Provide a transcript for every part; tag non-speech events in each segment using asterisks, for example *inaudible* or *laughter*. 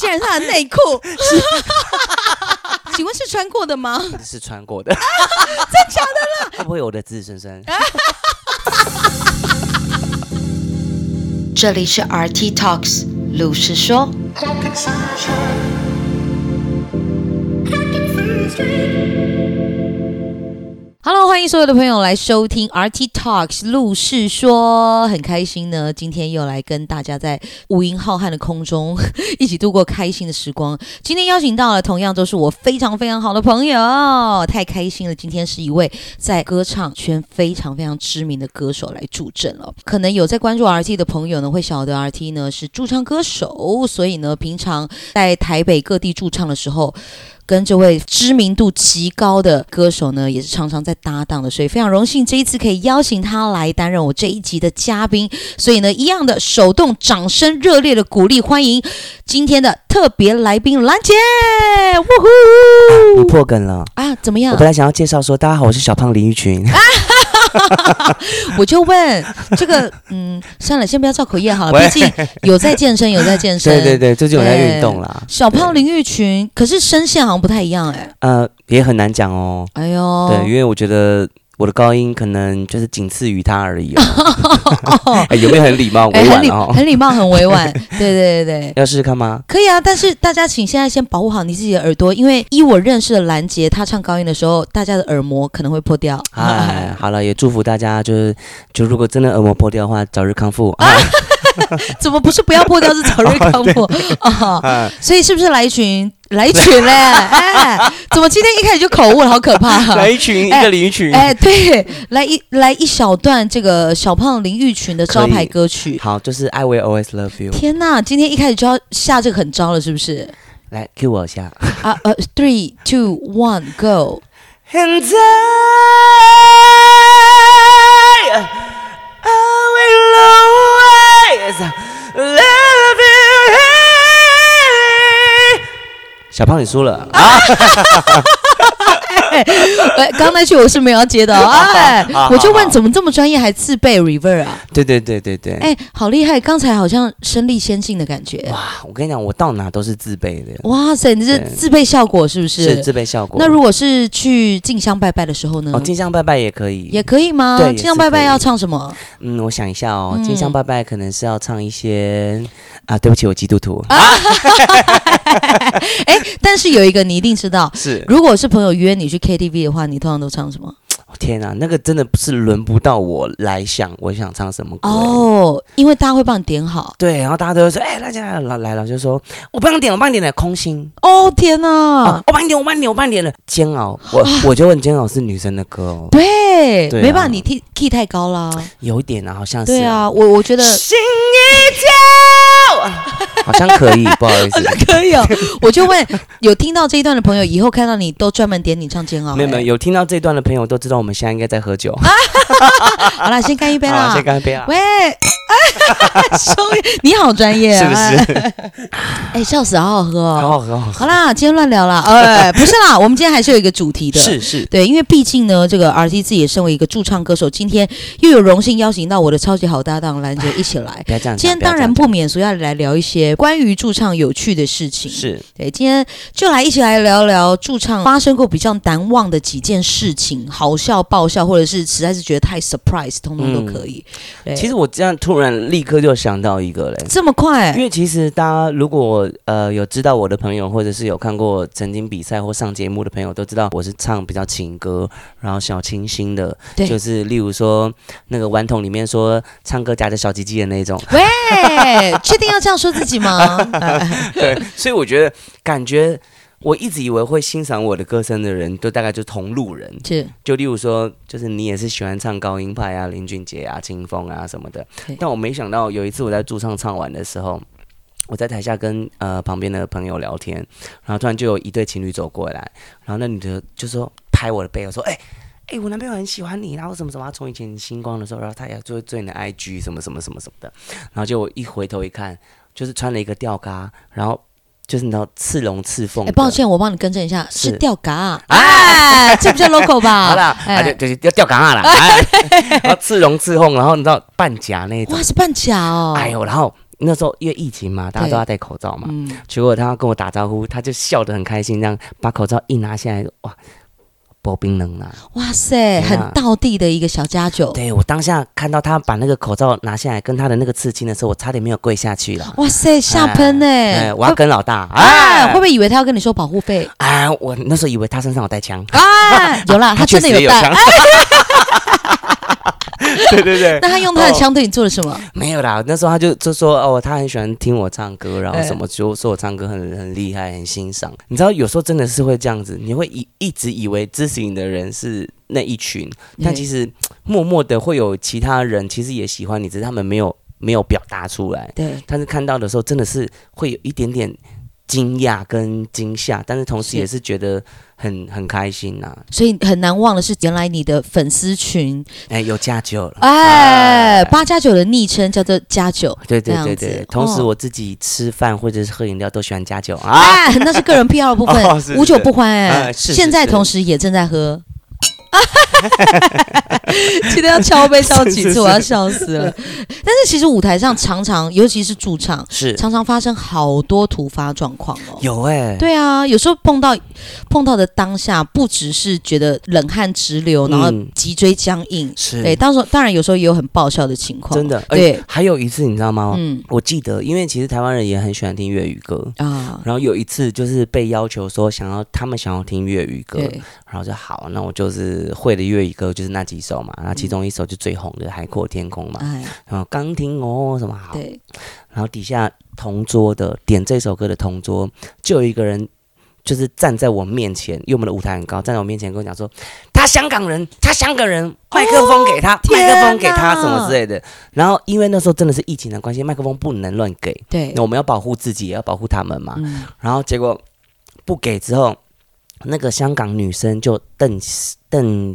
竟然他的內褲，是 *laughs* 請問是穿過的嗎？是穿過的，啊、真假的啦？會 *laughs* 不會有我的子子孫孫？啊、 *laughs* *laughs* 這裡是 RT Talks 露是說。哈嘍，歡迎所有的朋友來收聽 RT Talks 露是說，很開心呢。今天又來跟大家在無垠浩瀚的空中一起度過開心的時光。今天邀請到了同樣都是我非常非常好的朋友，太開心了。今天是一位在歌唱圈非常非常知名的歌手來助陣了。可能有在關注 RT 的朋友呢，會曉得 RT 呢是駐唱歌手，所以呢，平常在台北各地駐唱的時候，跟這位知名度極高的歌手呢，也是常常在搭檔的，所以非常榮幸這一次可以邀請他來擔任我這一集的嘉賓。所以呢，一樣的手動掌聲熱烈的鼓勵，歡迎今天的特別來賓藍杰。嗚呼，呼、啊！你破梗了啊？怎麼樣？我本來想要介紹說，大家好，我是小胖林育群。啊。 *laughs* 我就問這個，嗯，算了，先不要造口業好了。畢竟有在健身，有在健身，對對對，最近有在運動啦、欸。小胖淋浴群，可是聲線好像不太一樣哎、欸。呃，也很難講哦。哎呦，對，因為我覺得。我的高音可能就是僅次於他而已。哦 *laughs* 欸。有沒有很禮貌？我委，哦欸，很禮貌，很委婉。 *laughs* 對對對，對要試試看嗎？可以啊，但是大家請現在先保護好你自己的耳朵，因為依我認識的藍杰，他唱高音的時候，大家的耳膜可能會破掉。 *laughs* 哎，好了，也祝福大家，就是就如果真的耳膜破掉的話，早日康復啊。哎， *laughs* 怎麼不是不要破掉， *laughs* 是早日康復啊， *laughs* 哦哦哎？所以是不是來一群？來一群嘞，哎、 *laughs* 欸，怎麼今天一開始就口誤了，好可怕、啊！ *laughs* 來一群、欸，一個淋浴群。哎、欸，對，來一來一小段這個小胖淋浴群的招牌歌曲。好，就是 I will always love you。天吶，今天一開始就要下這個狠招了，是不是？來 cue 我一下啊，呃、uh, uh,，three two one go。小胖，你，你輸了啊！哎、啊，剛那句我是沒有接的啊、欸、啊、啊，我就問、啊、怎麼這麼專業還自備 r e v e r 啊？對對對對對、對，哎、欸，好厲害！剛才好像身歷其境的感覺哇！我跟你講，我到哪都是自備的。哇塞，你這自備效果是不是？是自備效果。那如果是去進香拜拜的時候呢？哦，進香拜拜也可以。也可以嗎？對，進香、香拜拜要唱什麼？嗯，我想一下哦，進、嗯、香拜拜可能是要唱一些啊，對不起，我基督徒。啊 *laughs* 哎、 *laughs* 欸，但是有一個你一定知道，是如果是朋友約你去 KTV 的話，你通常都唱什麼？天啊，那個真的是輪不到我來想，我想唱什麼歌、欸、哦？因為大家會幫你點好，對，然後大家都會說，哎、欸，大家來來了，就說我不幫你點，我幫你點了空心。哦天啊，啊我幫你點，我幫你點，我幫你點了煎熬。我、啊、我就問煎熬是女生的歌哦？對，對啊、沒辦法，你 key 太高了，有一點啊，好像是。對啊，我我覺得 *laughs* 好像可以，不好意思，可以哦。我就問有聽到這一段的朋友， *laughs* 以後看到你都專門點你唱煎熬、欸。沒有沒有，有聽到這一段的朋友都知道。我們現在應該在喝酒。 *laughs* *laughs* *laughs* 好了，先乾一杯了，好了，先乾一杯啊！ *laughs* 喂。哈 *laughs* 哈，你好專業，啊，是不是？哎，笑死，好好喝哦，好好喝，好，好喝，好啦，今天亂聊啦，哎、 *laughs* oh，oh, oh, oh, oh, *laughs* 不是啦，我們今天還是有一個主題的，是是，對，因為畢竟呢，這個 RT 自己也身為一個駐唱歌手，今天又有榮幸邀請到我的超級好搭檔藍杰一起來， *laughs* 不要這樣講，今天當然不免所以要來聊一些關於駐唱有趣的事情，是對，今天就來一起來聊聊駐唱發生過比較難忘的幾件事情，好笑爆笑，或者是實在是覺得太 surprise，通通都可以。嗯、對。其實我這樣突然。突然立刻就想到一個人、欸，這麼快？因為其實大家如果呃有知道我的朋友，或者是有看過曾經比賽或上節目的朋友，都知道我是唱比較情歌，然後小清新的，對，就是例如說那個《頑童》裡面說唱歌夾着小雞雞的那種。喂，確 *laughs* 定要這樣說自己嗎？ *laughs* *laughs* *laughs* 對，所以我覺得感覺。我一直以為會欣賞我的歌聲的人，都大概就同路人。是，就例如說，就是你也是喜歡唱高音派啊，林俊杰啊，青峰啊什麼的。但我沒想到，有一次我在駐唱唱完的時候，我在台下跟呃旁邊的朋友聊天，然後突然就有一對情侶走過來，然後那女的就是說拍我的背，我說：“哎、嗯、哎、欸欸，我男朋友很喜歡你，然後什麼什麼、啊，從以前星光的時候，然後他也要追追你的 IG，什麼什麼什麼什麼的。”然後就我一回頭一看，就是穿了一個吊嘎，然後。就是你知道刺龍刺鳳，哎、欸，抱歉，我幫你更正一下，是，是吊嘎啊，啊？ *laughs* 這不叫 local 吧？好了，哎，就是要吊嘎啦，哎，刺龍刺鳳，然後你知道半甲那一種，哇，是半甲哦、喔，哎呦，然後那時候因為疫情嘛，大家都要戴口罩嘛，結果他跟我打招呼，他就笑得很開心，這樣把口罩一拿下來，哇。薄冰冷啊。哇塞，很道地的一個小家酒。對、啊、對我當下看到他把那個口罩拿下來，跟他的那個刺青的時候，我差點沒有跪下去了。哇塞，嚇噴哎！我要跟老大、哎，啊，會不會以為他要跟你收保護費？啊，我那時候以為他身上有帶槍，啊，有啦，啊、他真的有，有槍。哎 *laughs* *laughs* 對，對對對， *laughs* 那他用他的槍對你做了什麼？哦，沒有啦，那時候他就就說哦，他很喜歡聽我唱歌，然後什麼就說我唱歌很很厲害，很欣賞。你知道，有時候真的是會這樣子，你會一一直以為支持你的人是那一群，但其實默默的會有其他人，其實也喜歡你，只是他們沒有沒有表達出來。對，但是看到的時候，真的是會有一點點驚訝跟驚嚇，但是同時也是覺得。很很開心吶、啊，所以很難忘的是原來你的粉絲群哎有加酒了哎，哎八加九的昵稱叫做加酒。對對對對，同時我自己吃飯或者是喝飲料都喜歡加酒、哦、啊，啊 *laughs* 那是個人必要的部分、哦、是是無酒不歡哎、欸啊，現在同時也正在喝。是是是啊 *laughs* 哈哈哈記得要敲背敲幾次，是是是我要笑死了。 *laughs* 但是其實舞台上常常，尤其是駐唱，是常常發生好多突發狀況哦。有哎、欸，對啊，有時候碰到碰到的當下，不只是覺得冷汗直流，然後脊椎僵硬，嗯、對是對。當時當然有時候也有很爆笑的情況，真的。而且對，還有一次你知道嗎？嗯，我記得，因為其實台灣人也很喜歡聽粵語歌啊。然後有一次就是被要求說想要他們想要聽粵語歌，然後就好，那我就是會的。粵語歌就是那幾首嘛，那其中一首就最紅的嗯、《海闊天空》嘛、嘛、嗯，然後剛聽哦什麼好，然後底下同桌的點這首歌的同桌就有一個人，就是站在我面前，因為我們的舞台很高，站在我面前跟我講說，他香港人，他香港人，麥克風給他，哦，、麥克風給他啊，、麥克風給他什麼之類的。然後因為那時候真的是疫情的關係，麥克風不能亂給，對，我們要保護自己，也要保護他們嘛、嗯。然後結果不給之後，那個香港女生就瞪瞪。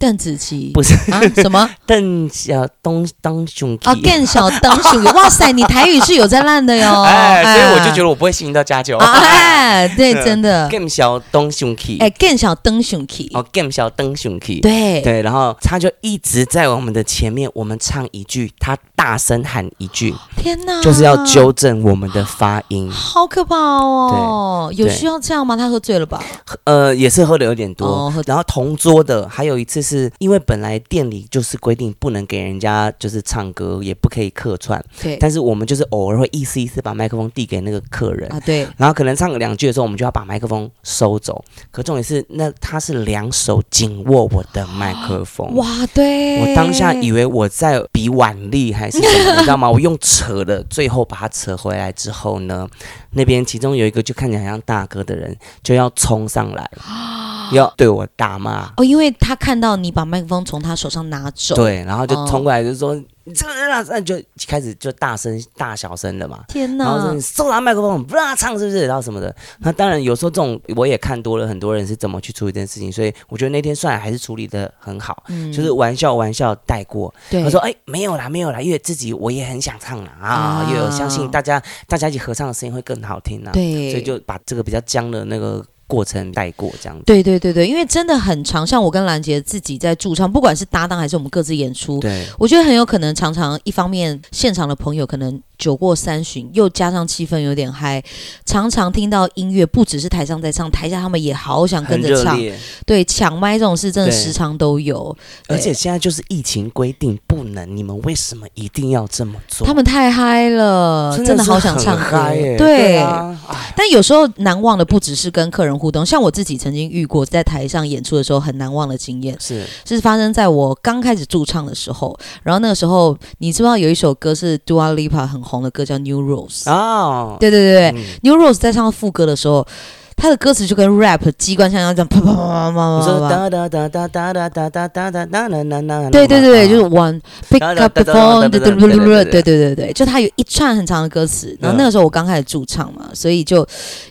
鄧紫棋不是啊，什麼鄧小東東雄，啊，鄧小東雄， *laughs* 哇塞，你台語是有在爛的喲，哎、 *laughs* 欸，所以我就覺得我不會吸引到家教、oh, 欸、啊、欸，對，真、嗯、的，鄧小東熊 key，哎，鄧、欸、小東熊 key，哦，鄧、oh, 小東雄 key，對對，然後他就一直在我們的前面，我們唱一句，他大聲喊一句，天哪，就是要糾正我們的發音，好可怕哦，對對，有需要這樣嗎？他喝醉了吧？呃，也是喝的有點多，oh, 然後同桌的還有一次是是因為本來店裡就是規定不能給人家就是唱歌，也不可以客串。對，但是我們就是偶爾會意思意思把麥克風遞給那個客人啊。對，然後可能唱兩句的時候，我們就要把麥克風收走。可重點是，那他是兩手緊握我的麥克風。哇，對，我當下以為我在比腕力還是什麼， *laughs* 你知道嗎？我用扯的，最後把它扯回來之後呢？那邊其中有一個就看起來很像大哥的人就要衝上來，要對我大罵哦，因為他看到你把麥克風從他手上拿走，對，然後就衝過來就說。哦你這個人啊，那就開始就大聲大小聲的嘛！天吶，然後就說你收了麥克風，不讓他唱是不是？然後什麼的？那當然，有時候這種我也看多了，很多人是怎麼去處理這件事情。所以我覺得那天算還是處理得很好，嗯，就是玩笑玩笑帶過對。他說：“哎、欸，沒有啦，沒有啦，因為自己我也很想唱啦。啊，嗯，因為我相信大家大家一起合唱的聲音會更好聽啦，啊。對，所以就把這個比較僵的那個。過程帶過這樣子，對對對對，因為真的很長。像我跟藍杰自己在駐唱，不管是搭檔還是我們各自演出，對，我覺得很有可能常常一方面現場的朋友可能酒過三巡，又加上氣氛有點嗨，常常聽到音樂，不只是台上在唱，台下他們也好想跟着唱，對，搶麥這種事真的時常都有。而且現在就是疫情規定不能，你們為什麼一定要這麼做？他們太嗨了，真的，真的好想唱歌，欸，對，對、啊。但有時候難忘的不只是跟客人互動，像我自己曾經遇過，在台上演出的時候很難忘的經驗，是，是發生在我剛開始駐唱的時候。然後那個時候，你知不知道有一首歌是 Dua Lipa 很紅的歌，叫 New Rules，oh，對對對對，嗯，New Rules 在唱副歌的時候。他的歌詞就跟 rap 機關槍一樣，這樣啪啪啪啪啪啪啪。對對對，就是 one pick up the phone，嗯。對對對對，就他有一串很長的歌詞。然後那個時候我剛開始駐唱嘛，所以就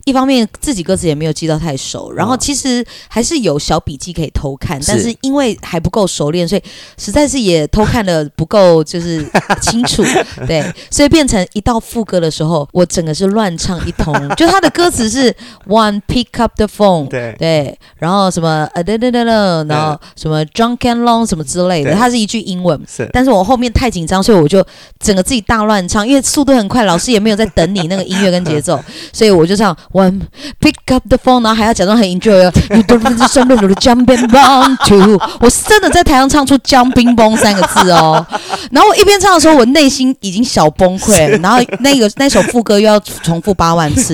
一方面自己歌詞也沒有記到太熟，然後其實還是有小筆記可以偷看，但是因為還不夠熟練，所以實在是也偷看的不夠就是清楚。對，所以變成一到副歌的時候，我整個是亂唱一通。就他的歌詞是 one。Pick up the phone，對，對，然後什麼啊 adrenaline 然後什麼，後什麼，drunk and long，什麼之類的，它是一句英文。但是我後面太緊張，所以我就整個自己大亂唱，因為速度很快，老師也沒有在等你那個音樂跟節奏， *laughs* 所以我就這樣 *laughs* ，One pick up the phone，然後還要假裝很 enjoy，you don't *laughs* even know jumping b o n to，我是真的在台上唱出 jumping b o n 三個字哦。然後我一邊唱的時候，我內心已經小崩潰了。然後那個那首副歌又要重複八萬次，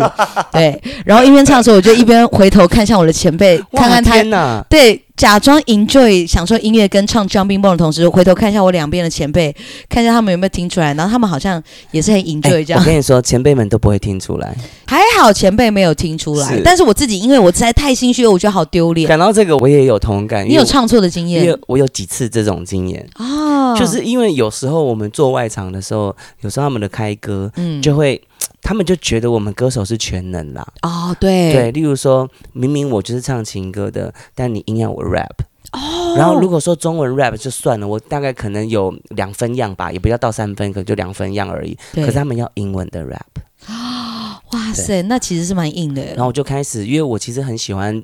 對，然後一邊唱的時候。所以我就一邊回頭看向我的前輩，看看他，天對，假裝 enjoy 享受音樂跟唱張冰 m 的同時，我回頭看一下我兩邊的前輩，看一下他們有沒有聽出來。然後他們好像也是很 enjoy 這樣。欸、我跟你說，前輩們都不會聽出來。還好前輩沒有聽出來，是但是我自己，因為我實在太心虛，我覺得好丟臉。講到這個，我也有同感。你有唱錯的經驗？因為我有幾次這種經驗、啊、就是因為有時候我們做外場的時候，有時候他們的開歌，嗯，就會。他們就覺得我們歌手是全能啦。Oh，哦，對對，例如說明明我就是唱情歌的，但你硬要我 rap。哦。Oh。然後如果說中文 rap 就算了，我大概可能有兩分樣吧，也不要到三分，可能就兩分樣而已。可是他們要英文的 rap。哇塞，那其實是蠻硬的。然後我就開始，因為我其實很喜歡。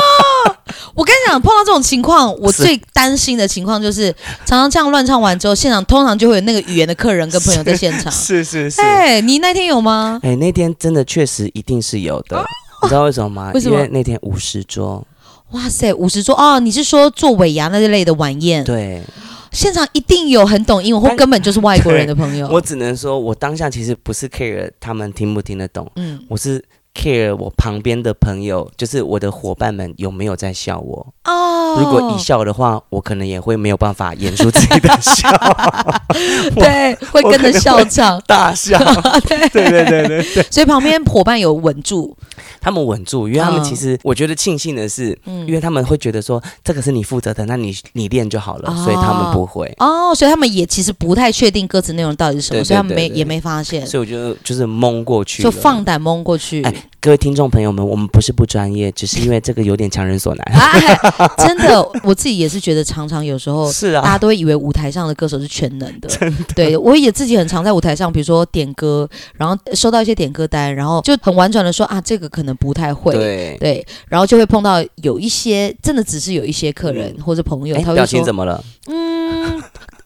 我跟你講，碰到這種情況，我最擔心的情況就是、是，常常這樣亂唱完之後，現場通常就會有那個語言的客人跟朋友在現場。是是是，哎、欸，你那天有嗎？哎、欸，那天真的確實一定是有的、啊，你知道為什麼嗎？為什麼？因為那天五十桌，哇塞，五十桌哦。你是說做尾牙那類的晚宴？對，現場一定有很懂英文或根本就是外國人的朋友。我只能說，我當下其實不是 care 他們聽不聽得懂，嗯，我是。care 我旁邊的朋友，就是我的夥伴們，有沒有在笑我？哦、oh.，如果一笑的話，我可能也會沒有辦法演出自己的笑。 *laughs* *laughs* 對，會跟着笑場大笑， *laughs* 對對對對對，對。所以旁邊夥伴有穩住。 *laughs* 他們穩住，因為他們其實我覺得慶幸的是，嗯，因為他們會覺得說這個是你負責的，那你你練就好了，哦，所以他們不會哦，所以他們也其實不太確定歌詞內容到底是什麼，對對對對對。所以他們沒也沒發現，所以我覺得就是蒙過去，就放膽蒙過去。欸，各位聽眾朋友們，我們不是不專業，只是因為這個有點強人所難。 *laughs* 啊啊啊啊、真的，我自己也是覺得，常常有時候是啊，大家都會以為舞台上的歌手是全能的。真的。對我也自己很常在舞台上，比如說點歌，然後收到一些點歌單，然後就很婉轉的說啊，這個可能不太會。對，對，然後就會碰到有一些真的只是有一些客人、嗯、或者朋友，欸、他會說表情怎麼了？嗯，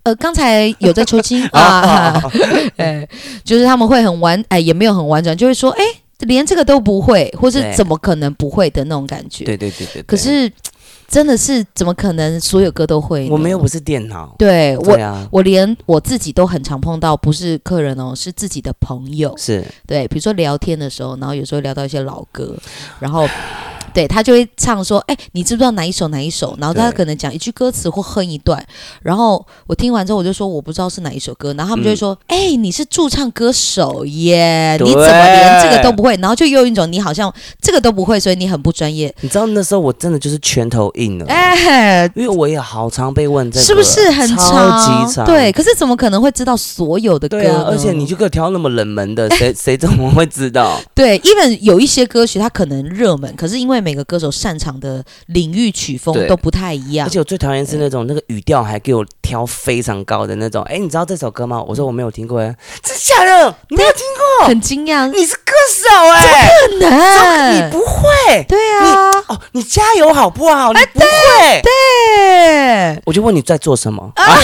呃，剛才有在抽筋 *laughs* 啊，啊，啊好好。哎，就是他們會很婉哎也沒有很婉轉，就會說哎。連這個都不會，或是怎麼可能不會的那種感覺？對對對，對對對。可是，真的是怎麼可能所有歌都會？我們又不是電腦。對我對、啊，我連我自己都很常碰到，不是客人哦，是自己的朋友。是對，比如說聊天的時候，然後有時候聊到一些老歌，然後。對他就會唱說，哎、欸，你知不知道哪一首哪一首？然後他可能講一句歌詞或哼一段，然後我聽完之後我就說我不知道是哪一首歌，然後他們就會說，哎、嗯欸，你是駐唱歌手耶、yeah,，你怎麼連這個都不會？然後就又一種你好像這個都不會，所以你很不專業。你知道那時候我真的就是拳頭硬了，哎、欸，因為我也好常被問這個，是不是很長,超級長？對，可是怎麼可能會知道所有的歌？啊、而且你就給我挑那麼冷門的，欸、誰誰怎麼會知道？對，因為有一些歌曲它可能熱門，可是因為。每個歌手擅長的領域曲風都不太一樣，而且我最討厭是那種那個語調還給我。挑非常高的那種，哎、欸，你知道這首歌嗎？我說我沒有聽過、欸，哎，真假的，你沒有聽過，很驚訝，你是歌手、欸，哎，怎麼可能？你不會，對啊，哦，你加油好不好？哎，不會、啊對，對，我就問你在做什麼啊，啊、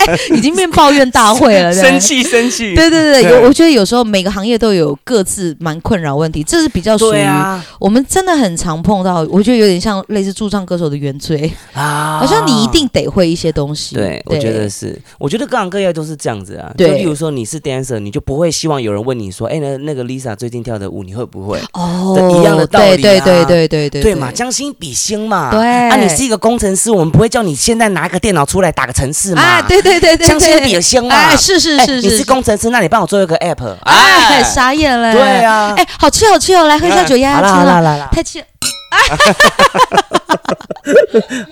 *laughs* 欸？已經變抱怨大會了， *laughs* 生氣，生氣，對對對，有對，我覺得有時候每個行業都有各自蠻困擾問題，這是比較屬於、啊、我們真的很常碰到，我覺得有點像類似駐唱歌手的原罪啊，好像你一定得會一些東西。對，我覺得是，我覺得各行各業都是這樣子啊。對，就例如說你是 dancer，你就不會希望有人問你說，哎，那那個 Lisa 最近跳的舞你會不會？哦、oh，一樣的道理、啊，對對對對對，對，對，對，對，對嘛，將心比心嘛。對，啊，你是一個工程師，我們不會叫你現在拿一個電腦出來打個程式嘛？啊、哎，對對對，將心比心嘛。哎，是是是，是，是、哎、你是工程師，那你幫我做一個 app。哎，哎，傻眼了。對啊，哎，好吃好吃哦，來喝一下酒呀，好了好了，好太氣。哈哈哈哈哈！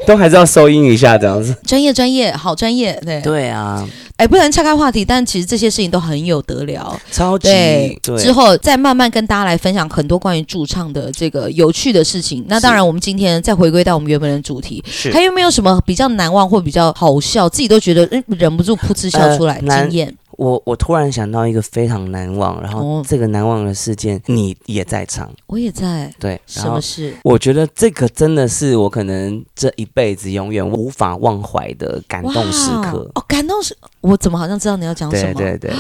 都還是要收音一下，這樣子專業專業，好專業，對對啊。哎、欸，不能岔開話題，但其實這些事情都很有得聊，超級對，對。之後再慢慢跟大家來分享很多關於駐唱的這個有趣的事情。那當然，我們今天再回歸到我們原本的主題，還有沒有什麼比較難忘或比較好笑，自己都覺得、嗯、忍不住噗嗤笑出來，經、呃、驗？我我突然想到一個，非常難忘，然後這個難忘的事件你也在場。哦，我也在。對，然後是我覺得這個真的是我可能這一輩子永遠無法忘懷的感動時刻。哦，感動是，我怎麼好像知道你要講什麼？對對對對，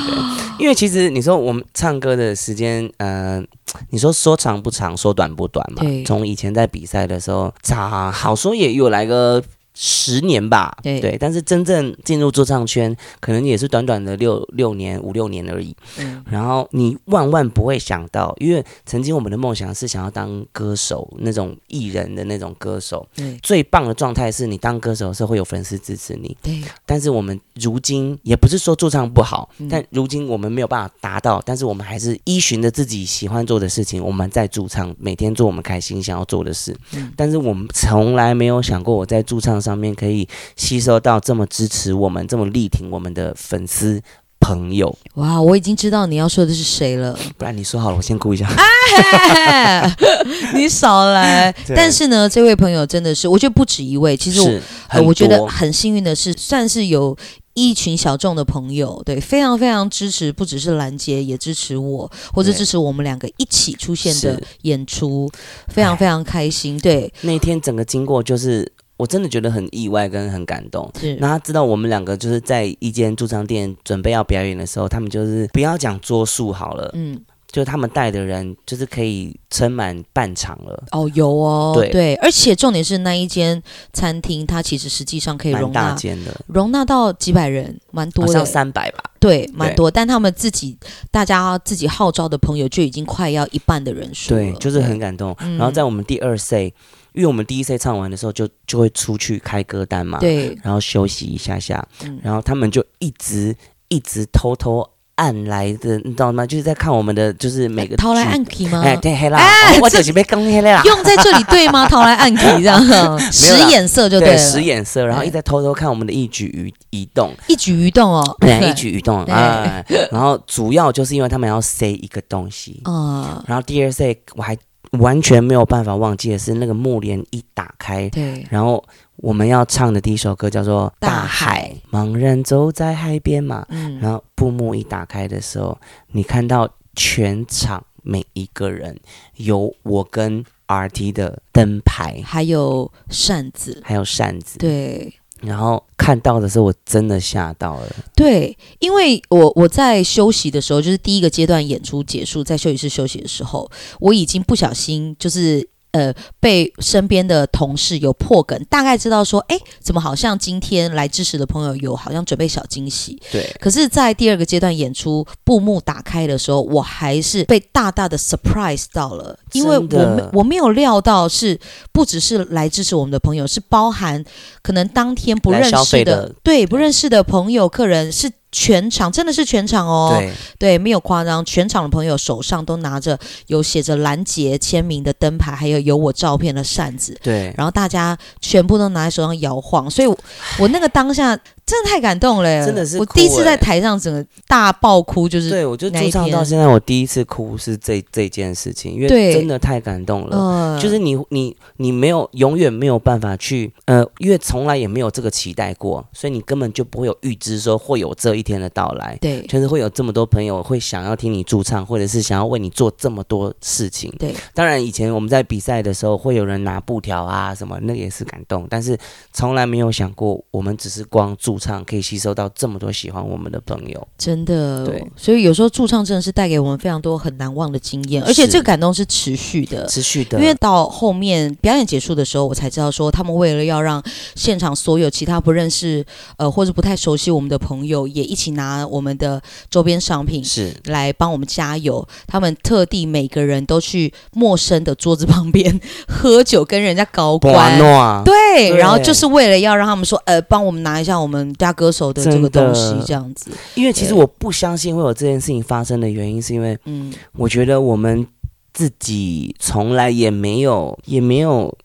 因為其實你說我們唱歌的時間，嗯、呃，你說說長不長，說短不短嘛。從以前在比賽的時候，咋、啊、好說也有來個十年吧，對，對，但是真正進入駐唱圈，可能也是短短的六六年五六年而已。嗯，然後你萬萬不會想到，因為曾經我們的夢想是想要當歌手，那種藝人的那種歌手。對，最棒的狀態是你當歌手的時候會有粉絲支持你。對，但是我們如今也不是說駐唱不好，嗯，但如今我們沒有辦法達到，但是我們還是依循着自己喜歡做的事情，我們在駐唱，每天做我們開心想要做的事，嗯。但是我們從來沒有想過我在駐唱上面可以吸收到這麼支持我們、這麼力挺我們的粉絲朋友哇！我已經知道你要說的是誰了，不然你說好了，我先顧一下。哎、 *laughs* 你少來！ *laughs* 但是呢，這位朋友真的是，我覺得不止一位。其實我、呃、我覺得很幸運的是，算是有一群小眾的朋友，對，非常非常支持，不只是藍杰，也支持我，或者支持我們兩個一起出現的演出，非常非常開心。哎、對，那天整個經過就是。我真的覺得很意外，跟很感動。是，那他知道我們兩個就是在一間駐唱店準備要表演的時候，他們就是不要講桌數好了，嗯，就他們帶的人就是可以撐滿半場了。哦，有哦，對，對，而且重點是那一間餐廳，它其實實際上可以容納大間的容納到幾百人，蠻多的，好像三百吧，對，對，蠻多。但他們自己大家自己號召的朋友就已經快要一半的人數了，對，就是很感動。然後在我們第二歲。嗯嗯因為我們第一次唱完的時候就，就就會出去開歌單嘛，對，然後休息一下下，嗯、然後他們就一直一直偷偷按來的，你知道嗎？就是在看我們的，就是每個掏、欸、來暗 key 嗎、欸？對，黑了、欸喔，我手機被更黑了，用在這裡對嗎？掏來暗 key 這樣，使 *laughs* 有啦 *laughs* 眼色就對，使眼色，然後一直在偷偷看我們的一舉一動，一舉一動哦，對，一舉一動，對，啊、然後主要就是因為他們要塞一個東西，啊、嗯，然後第二 C 我還。完全沒有辦法忘記的是，那個幕簾一打開，對，然後我們要唱的第一首歌叫做《大海》，海茫然走在海邊嘛，嗯，然後布幕一打開的時候，你看到全場每一個人，有我跟 RT 的燈牌，還有扇子，還有扇子，對。然後看到的時候，我真的嚇到了。對，因為我我在休息的時候，就是第一個階段演出結束，在休息室休息的時候，我已經不小心就是。呃，被身邊的同事有破梗，大概知道說，哎，怎麼好像今天來支持的朋友有好像準備小驚喜？對。可是，在第二個階段演出布幕打開的時候，我還是被大大的 surprise 到了，因為我我，我沒有料到是不只是來支持我們的朋友，是包含可能當天不認識的，的對，不認識的朋友、客人是。全場真的是全場哦，對，對沒有誇張，全場的朋友手上都拿着有寫着藍杰簽名的燈牌，還有有我照片的扇子，對，然後大家全部都拿在手上搖晃，所以我，我那個當下。真的太感動了、欸，真的是、欸，我第一次在台上整個大爆哭，就是。對，我就駐唱到現在，我第一次哭是這這件事情，因為真的太感動了。就是你你你沒有永遠沒有辦法去呃，呃，因為從來也沒有這個期待過，所以你根本就不會有預知說會有這一天的到來。對，確實會有這麼多朋友會想要聽你駐唱，或者是想要為你做這麼多事情。對，當然以前我們在比賽的時候會有人拿布條啊什麼，那也是感動，但是從來沒有想過我們只是光駐。駐唱可以吸收到這麼多喜歡我們的朋友，真的，對，所以有時候駐唱真的是帶給我們非常多很難忘的經驗，而且這個感動是持續的，持續的。因為到後面表演結束的時候，我才知道說，他們為了要讓現場所有其他不認識呃或者不太熟悉我們的朋友，也一起拿我們的周邊商品是來幫我們加油，他們特地每個人都去陌生的桌子旁邊喝酒，跟人家高官對，對，然後就是為了要讓他們說，呃，幫我們拿一下我們。大歌手的這個東西這樣子，因為其實我不相信會有這件事情發生的原因，是因為，嗯，我覺得我們自己從來也沒有，也沒有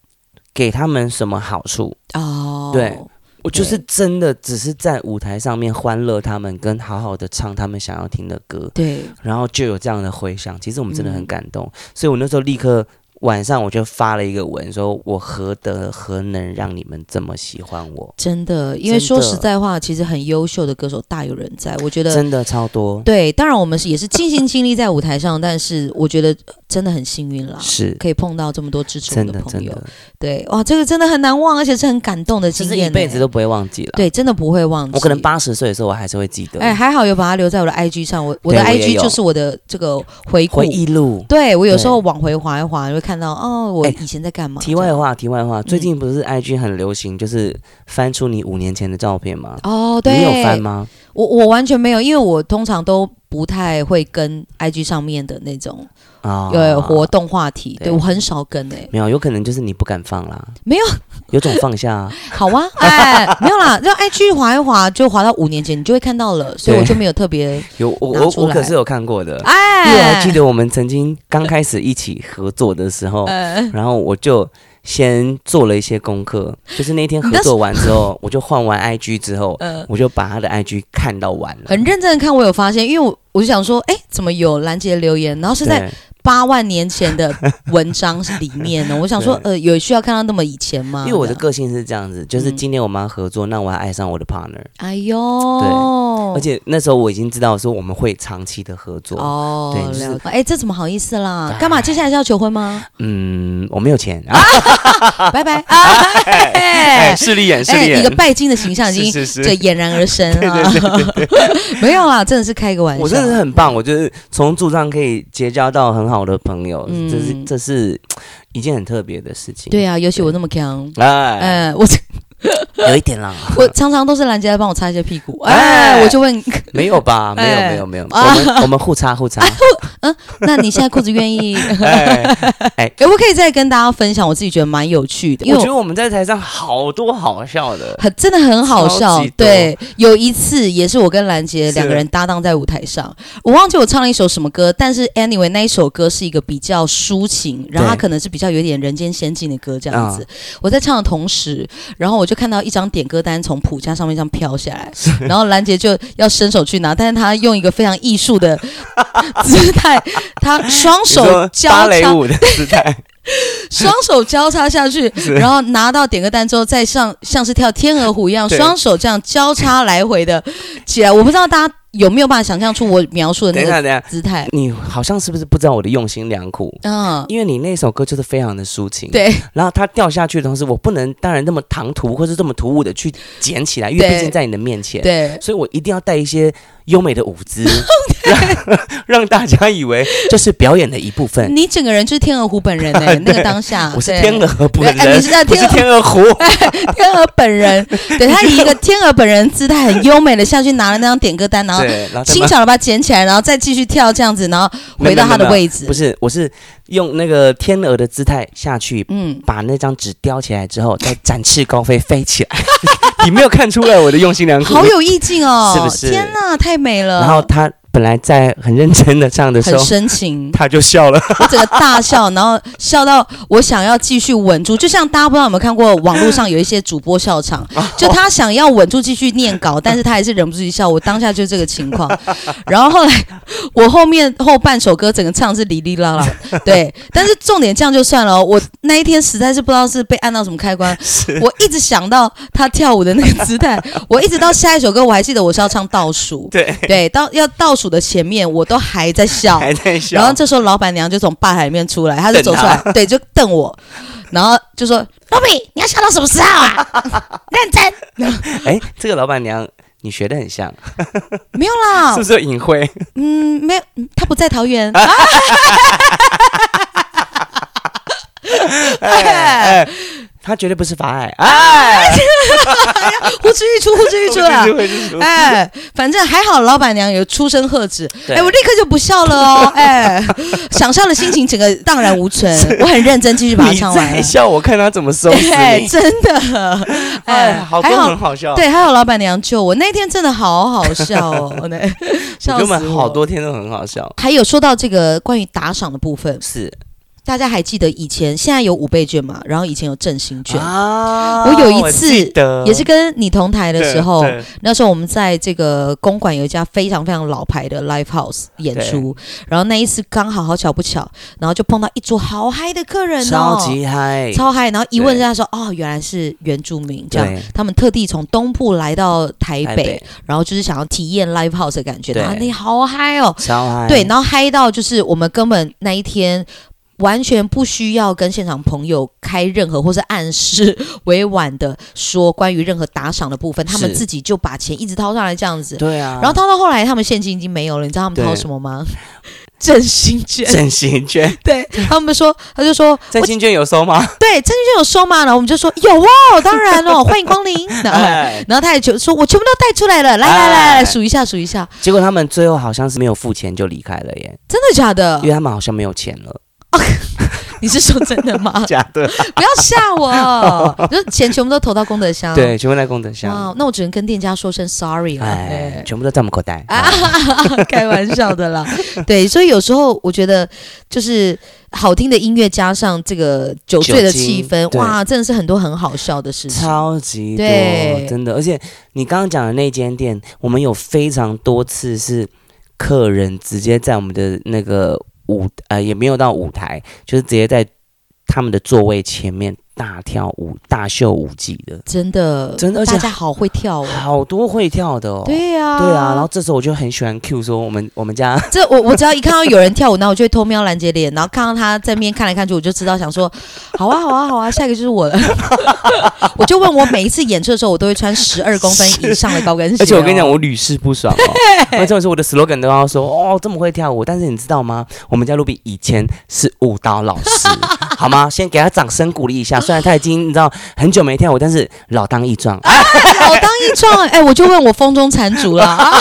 給他們什麼好處哦。對，我就是真的只是在舞台上面歡樂他們，跟好好的唱他們想要聽的歌，對，然後就有這樣的回響。其實我們真的很感動，所以我那時候立刻。晚上我就發了一個文，說我何德何能讓你們這麼喜歡我？真的，因為說實在話，其實很優秀的歌手大有人在，我覺得真的超多。對，當然我們是也是盡心盡力在舞台上， *laughs* 但是我覺得真的很幸運啦，是可以碰到這麼多支持我的朋友的的。對，哇，這個真的很難忘，而且是很感動的經驗，一輩子都不會忘記了。對，真的不會忘記。我可能八十歲的時候，我還是會記得。哎，還好有把它留在我的 IG 上，我我的 IG 就是我的這個回顧回憶錄。對,我有,對我有時候往回劃一劃，會看。看到哦，我以前在幹嘛？欸，題外的話，題外話，最近不是 IG 很流行、嗯，就是翻出你五年前的照片嗎？哦，對，你有翻嗎？我我完全沒有，因為我通常都。不太會跟 I G 上面的那種有，有活動話題，哦、對，對我很少跟哎、欸，沒有，有可能就是你不敢放啦，沒有， *laughs* 有種放下啊 *laughs* 好啊，哎，沒有啦，就 I G 滑一滑就滑到五年前，你就會看到了，所以我就沒有特別有我我，我可是有看過的，哎，因為我還記得我們曾經剛開始一起合作的時候，哎、然後我就。先做了一些功課，就是那天合作完之後，我就換完 I G 之後、 *laughs* 呃，我就把他的 I G 看到完了，很認真的看。我有發現，因為我我，就想說，哎、欸，怎麼有藍杰的留言？然後是在。八萬年前的文章是裡面呢，我想說， *laughs* 呃，有需要看到那麼以前嗎？因為我的個性是這樣子，樣就是今天我們要合作，嗯、那我還愛上我的 partner。哎呦，對，而且那時候我已經知道說我們會長期的合作。哦，對，哎、就是欸，這怎麼好意思啦？幹嘛接下來是要求婚嗎？嗯，我沒有錢。啊 *laughs* 拜拜啊！哎，哎哎勢利眼，哎、勢利眼，一、哎、個拜金的形象已經就儼然而生了沒有啊，真的是開個玩笑。我真的是很棒，我就是從駐唱可以結交到很。好，好的朋友，嗯、這是這是一件很特別的事情。對啊，對，尤其我那麼鏘，哎、呃，我。 *laughs* *laughs* 有一點浪漫。我常常都是藍杰來幫我擦一些屁股。哎，哎我就問，沒有吧、哎？沒有，沒有，沒有。我們、啊、我們我們互擦互擦、哎我。嗯，那你現在褲子願意？ *laughs* 哎，哎，我可可以再跟大家分享我自己覺得蠻有趣的。我覺得我們在台上好多好笑的，很真的很好笑。對，有一次也是我跟藍杰兩個人搭檔在舞台上，我忘記我唱了一首什麼歌，但是 anyway 那一首歌是一個比較抒情，然後它可能是比較有點人間仙境的歌這樣子、嗯。我在唱的同時，然後我就看到一。將點歌單從譜架上面這樣飄下來，然後藍杰就要伸手去拿，但是他用一個非常藝術的姿態，他雙手交叉， *laughs* 雙手交叉下去，然後拿到點歌單之後，再像像是跳天鵝湖一樣，雙手這樣交叉來回的起來，我不知道大家。有沒有辦法想象出我描述的那個姿態？你好像是不是不知道我的用心良苦？嗯、uh,，因為你那首歌就是非常的抒情。對，然後它掉下去的同時，我不能當然那麼唐突或是這麼突兀的去撿起來，因為畢竟在你的面前。對，所以我一定要帶一些優美的舞姿，對，讓讓大家以為這是表演的一部分。 *laughs* 你整個人就是天鵝湖本人呢、欸？ *laughs* 那個當下， *laughs* 我是天鵝湖本人。哎、你是在天鵝湖？天鵝， *laughs* 哎、天，鵝 *laughs* 天鵝本人。對，他以一個天鵝本人姿態，很優美的下去拿了那張點歌單， *laughs* 然後。對，然後輕巧的把它撿起來，然後再繼續跳這樣子，然後回到它的位置。沒沒沒，不是，我是用那個天鵝的姿態下去，嗯，把那張紙叼起來之後，再展翅高飛，飛起來。 *laughs* *laughs* 你沒有看出來我的用心良苦？好有意境哦，是不是？天哪，太美了。然後它。本來在很認真的唱的時候，很深情，他就笑了， *laughs* 我整個大笑，然後笑到我想要繼續穩住，就像大家不知道有沒有看過網絡上有一些主播笑場，就他想要穩住繼續念稿，但是他還是忍不住去笑，我當下就是這個情況，然後後來我後面後半首歌整個唱是哩哩啦啦，對，但是重點這樣就算了，我那一天實在是不知道是被按到什麼開關，我一直想到他跳舞的那個姿態，我一直到下一首歌我還記得我是要唱倒數，對，對，到，要倒數。數的前面，我都還在笑，還在笑。然後這時候，老板娘就從吧台裡面出來，她就走出來，等對，就瞪我，然後就說 Rubie 你要笑到什麼時候啊？認 *laughs* 真。 *laughs* *laughs* 欸”哎，這個老板娘，你學的很像。沒有啦，是不是隱晦？嗯，沒有、嗯，他不在桃園。 *laughs* *laughs* *laughs* 哎他絕對不是法礙，哎，呼、啊、之、啊啊啊啊、 *laughs* 欲出，呼之欲出了、啊。 *laughs* 哎，反正還好，老闆娘有出聲喝止。哎，我立刻就不笑了哦， *laughs* 哎，想笑的心情整個蕩然無存。我很認真，繼續把它唱完。你再笑，我看他怎麼收。對、哎，真的，哎，哎，還好，好多很好笑。對，還好，老闆娘救我。那天真的好好笑哦，笑，笑死我。我根本好多天都很好笑。還有說到這個關於打賞的部分，是。大家還記得以前，現在有五倍券嘛？然後以前有振興券啊。Oh, 我有一次也，也是跟你同台的時候，那時候我們在這個公館有一家非常非常老牌的 Live House 演出。然後那一次剛好好巧不巧，然後就碰到一桌好嗨的客人哦，超級嗨，超嗨。然後一問人家說哦，原來是原住民這樣，他們特地從東部來到台北，台北然後就是想要體驗 Live House 的感覺啊，你好嗨哦，超嗨。對，然後嗨到就是我們根本那一天。完全不需要跟現場朋友開任何或是暗示，委婉的說關於任何打賞的部分，他們自己就把錢一直掏上來這樣子。對啊，然後掏到後來，他們現金已經沒有了，你知道他們掏什麼嗎？真心券。真心券。對他們說，他就說真心券有收嗎？對，真心券有收嗎？然後我們就說有哦，當然哦，歡迎光臨。 *laughs* 然後來來來，然後他也就說我全部都帶出來了，來來來，來，來，來來來，數一下，數一下。結果他們最後好像是沒有付錢就離開了耶。真的假的？因為他們好像沒有錢了。 *laughs* 你是說真的嗎？ *laughs* 假的、啊， *laughs* 不要嚇嚇我！ *laughs* 就是錢全部都投到功德箱、啊，對，全部在功德箱。哦、wow,，那我只能跟店家說聲 sorry 了。哎，全部都在我口袋。 *laughs* 哎、 *laughs* 開玩笑的啦。 *laughs* 對，所以有時候我覺得，就是好聽的音樂加上這個酒醉的氣氛，哇，真的是很多很好笑的事情，超級多，對哦、真的。而且你剛剛講的那間店，我們有非常多次是客人直接在我們的那個。舞，呃，也沒有到舞台，就是直接在他們的座位前面。大跳舞、大秀舞技的，真的，真的，而且，而且好，大家好會跳哦，好多會跳的哦，對啊，對啊。然後這時候我就很喜歡 Q 說我們我們家這我我只要一看到有人跳舞，那我就會偷瞄藍杰臉，然後看到她在那邊看來看去，我就知道想說好啊好啊好啊，下一個就是我了。 *laughs* *laughs* *laughs* 我就問我每一次演出的時候，我都會穿十二公分以上的高跟鞋、哦。而且我跟你講，我屢試不爽哦 *laughs* 哦。而且這時候我的 slogan 都要說哦，這麼會跳舞。但是你知道嗎？我們家 Rubie 以前是舞蹈老師，好嗎？先給他掌聲鼓勵一下。雖然他已經你知道很久沒跳舞，但是老當益壯，哎哎，老當益壯。哎， *laughs* 我就問我風中殘燭了，啊，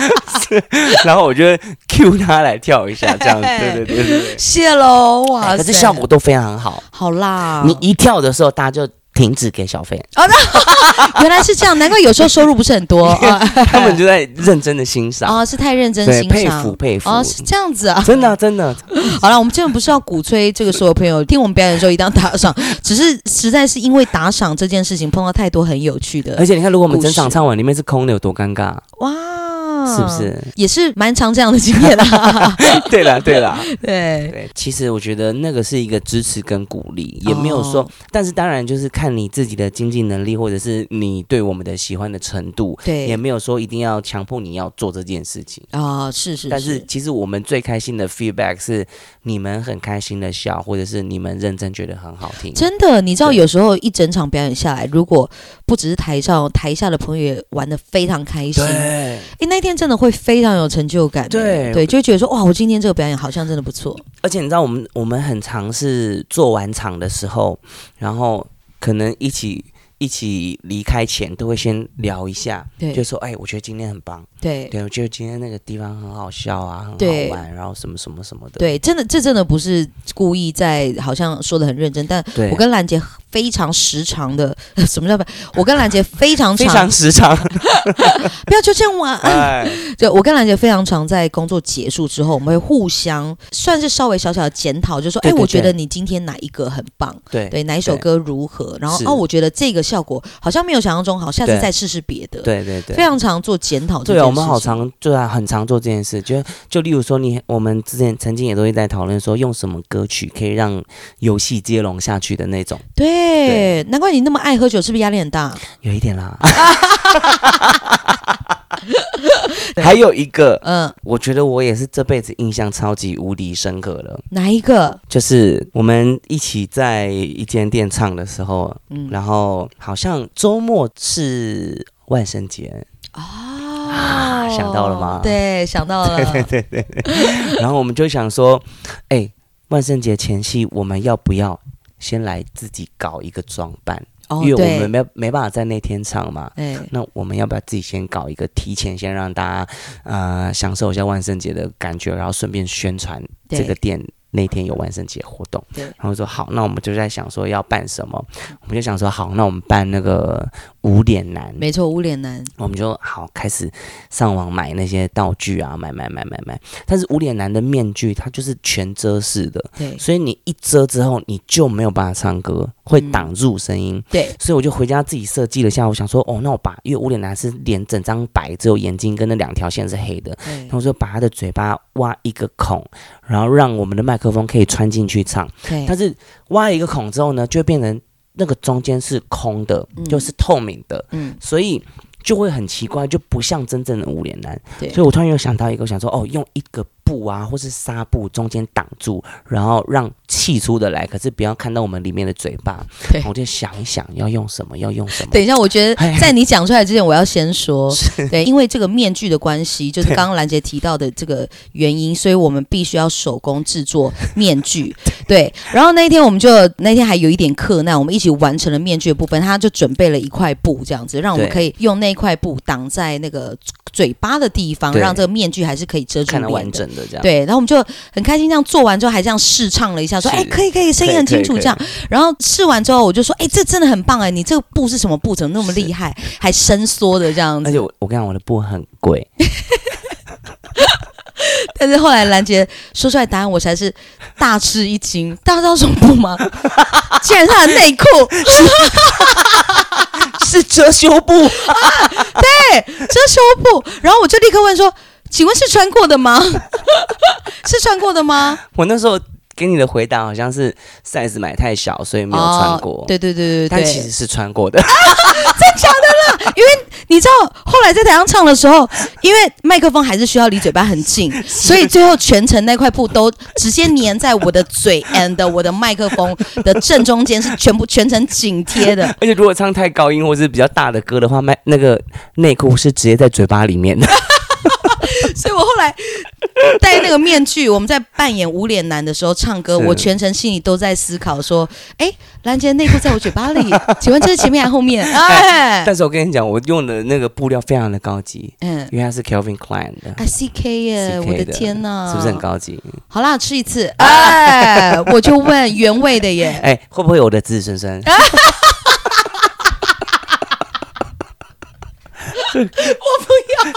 *laughs* *laughs* 然後我就 Q 他來跳一下，這樣子，對對對，對謝嘍哇，哎！可是效果都非常好，好辣，啊。你一跳的時候，大家就。停止給小費啊！Oh, no! 原來是這樣，難怪有時候收入不是很多。 *laughs* 他們就在認真的欣賞哦，oh, 是太認真欣賞，佩服佩服哦，oh, 是這樣子啊，真的、啊、真的、啊。 *laughs* *laughs* 好了，我們真的不是要鼓吹這個，所有朋友聽我們表演的時候一定要打賞，只是實在是因為打賞這件事情碰到太多很有趣的。而且你看，如果我們整場唱完裡面是空的，有多尷尬哇、啊！Wow 是不是也是蠻常這樣的經驗啦？ *laughs* *laughs* 對啦，對啦，對，對對，其實我覺得那個是一個支持跟鼓勵，也沒有說，哦、但是當然就是看你自己的經濟能力，或者是你對我們的喜歡的程度，對，也沒有說一定要強迫你要做這件事情啊、哦。是是，是，但是其實我們最開心的 feedback 是你們很開心的笑，或者是你們認真覺得很好聽。真的，你知道有時候一整場表演下來，如果不只是台上台下的朋友也玩得非常開心，對、欸，哎那天。真的會非常有成就感，對對，就會覺得說哇，我今天這個表演好像真的不錯。而且你知道我，我們我們很常是做完場的時候，然後可能一起一起離開前，都會先聊一下，對，就說哎，我覺得今天很棒，對對，我覺得今天那個地方很好笑啊，很好玩，然後什麼什麼什麼的，對，真的這真的不是故意在好像說得很認真，但我跟藍杰。非常時常的，什麼叫不？我跟藍杰非常長 *laughs* 非常時常 *laughs* 。不要就這樣玩。哎、就我跟藍杰非常常在工作結束之後，我們會互相算是稍微小小的檢討，就說：哎，我覺得你今天哪一個很棒，對對，哪一首歌如何？然後哦，我覺得這個效果好像沒有想象中好，下次再試試別的。對對,對對，非常常做檢討對、啊試試。對、啊，我們好常做、啊，很常做這件事。就就例如說你，你我們之前曾經也都會在討論說，用什麼歌曲可以讓遊戲接龍下去的那種，對。對，難怪你那麼愛喝酒，是不是壓力很大？有一點啦。 *laughs* *laughs* 還有一個，嗯，我覺得我也是這輩子印象超級無敵深刻了。哪一個？就是我們一起在一間店唱的時候，嗯，然後好像周末是萬聖節哦、啊，想到了嗎？對，想到了， *laughs* 對，對，對對對。 *laughs* 然後我們就想說，哎、欸，萬聖節前夕我們要不要？先來自己搞一個裝扮，哦、因為我們沒有沒辦法在那天唱嘛。那我們要不要自己先搞一個？提前先讓大家呃享受一下萬聖節的感覺，然後順便宣傳這個店那天有萬聖節活動。然後說好，那我們就在想說要辦什麼，我們就想說好，那我們辦那個。無臉男，沒錯，無臉男，我們就好，開始上網買那些道具啊，買買買買買。但是無臉男的面具，它就是全遮式的，對，所以你一遮之後，你就沒有辦法唱歌，會擋住聲音，嗯，對，所以我就回家自己設計了一下，我想說，哦，那我把因為無臉男是臉整張白，只有眼睛跟那兩條線是黑的，嗯，然後我就把他的嘴巴挖一個孔，然後讓我們的麥克風可以穿進去唱，對，但是挖一個孔之後呢，就會變成。那個中間是空的，就是透明的，嗯，所以就會很奇怪，就不像真正的無臉男。所以我突然又想到一個，想說哦，用一個。布啊，或是紗布中間擋住，然後讓氣出的來，可是不要看到我們裡面的嘴巴，對。我就想一想要用什麼，要用什麼？等一下，我覺得在你講出來之前，我要先說，哎，對，因為這個面具的關係，就是剛剛藍杰提到的這個原因，所以我們必須要手工制作面具。對，對對，然後那天我們就，那天還有一點課，那我們一起完成了面具的部分。他就準備了一塊布，這樣子讓我們可以用那塊布擋在那個嘴巴的地方，讓這個面具還是可以遮住臉的。對，然後我們就很開心，這樣做完之後，還這樣試唱了一下，說哎，可以可以，聲音很清楚這樣。然後試完之後，我就說哎，這真的很棒哎、欸，你這個布是什麼布？怎麼那麼厲害，還伸縮的這樣子？而且我我跟我的布很貴， *laughs* 但是後來藍杰說出來答案，我才是大吃一驚。大家知道什麼布嗎？竟 *laughs* 然他的內褲 *laughs* 是遮 *laughs* 羞布， *laughs* 啊、對遮羞布。然後我就立刻問說。請問是穿過的嗎？ *laughs* 是穿過的嗎？我那時候給你的回答好像是 size 買太小，所以沒有穿過。哦、對對對對，但其實是穿過的， *laughs* 啊、真假的啦？因為你知道，後來在台上唱的時候，因為麥克風還是需要離嘴巴很近，所以最後全程那塊布都直接粘在我的嘴 and 我的麥克風的正中間是全部全程緊貼的。 *laughs* 而且如果唱太高音或者是比較大的歌的話，麥那個內褲是直接在嘴巴裡面的。 *laughs* 所以，我後來戴那個面具，我們在扮演無臉男的時候唱歌，我全程心裡都在思考說：“哎、欸，藍杰的內褲在我嘴巴裡，請問這是前面還是後面？”哎、欸欸，但是我跟你講，我用的那個布料非常的高級，嗯、欸，因為它是 Calvin Klein 的，哎、啊、，CK 呀、欸，我的天哪、啊，是不是很高級？好啦，吃一次，哎、欸， *laughs* 我就問原味的耶，哎、欸，會不會有我的子子孫孫？孫？欸、 *laughs* *laughs* *laughs* *laughs* *laughs* 我。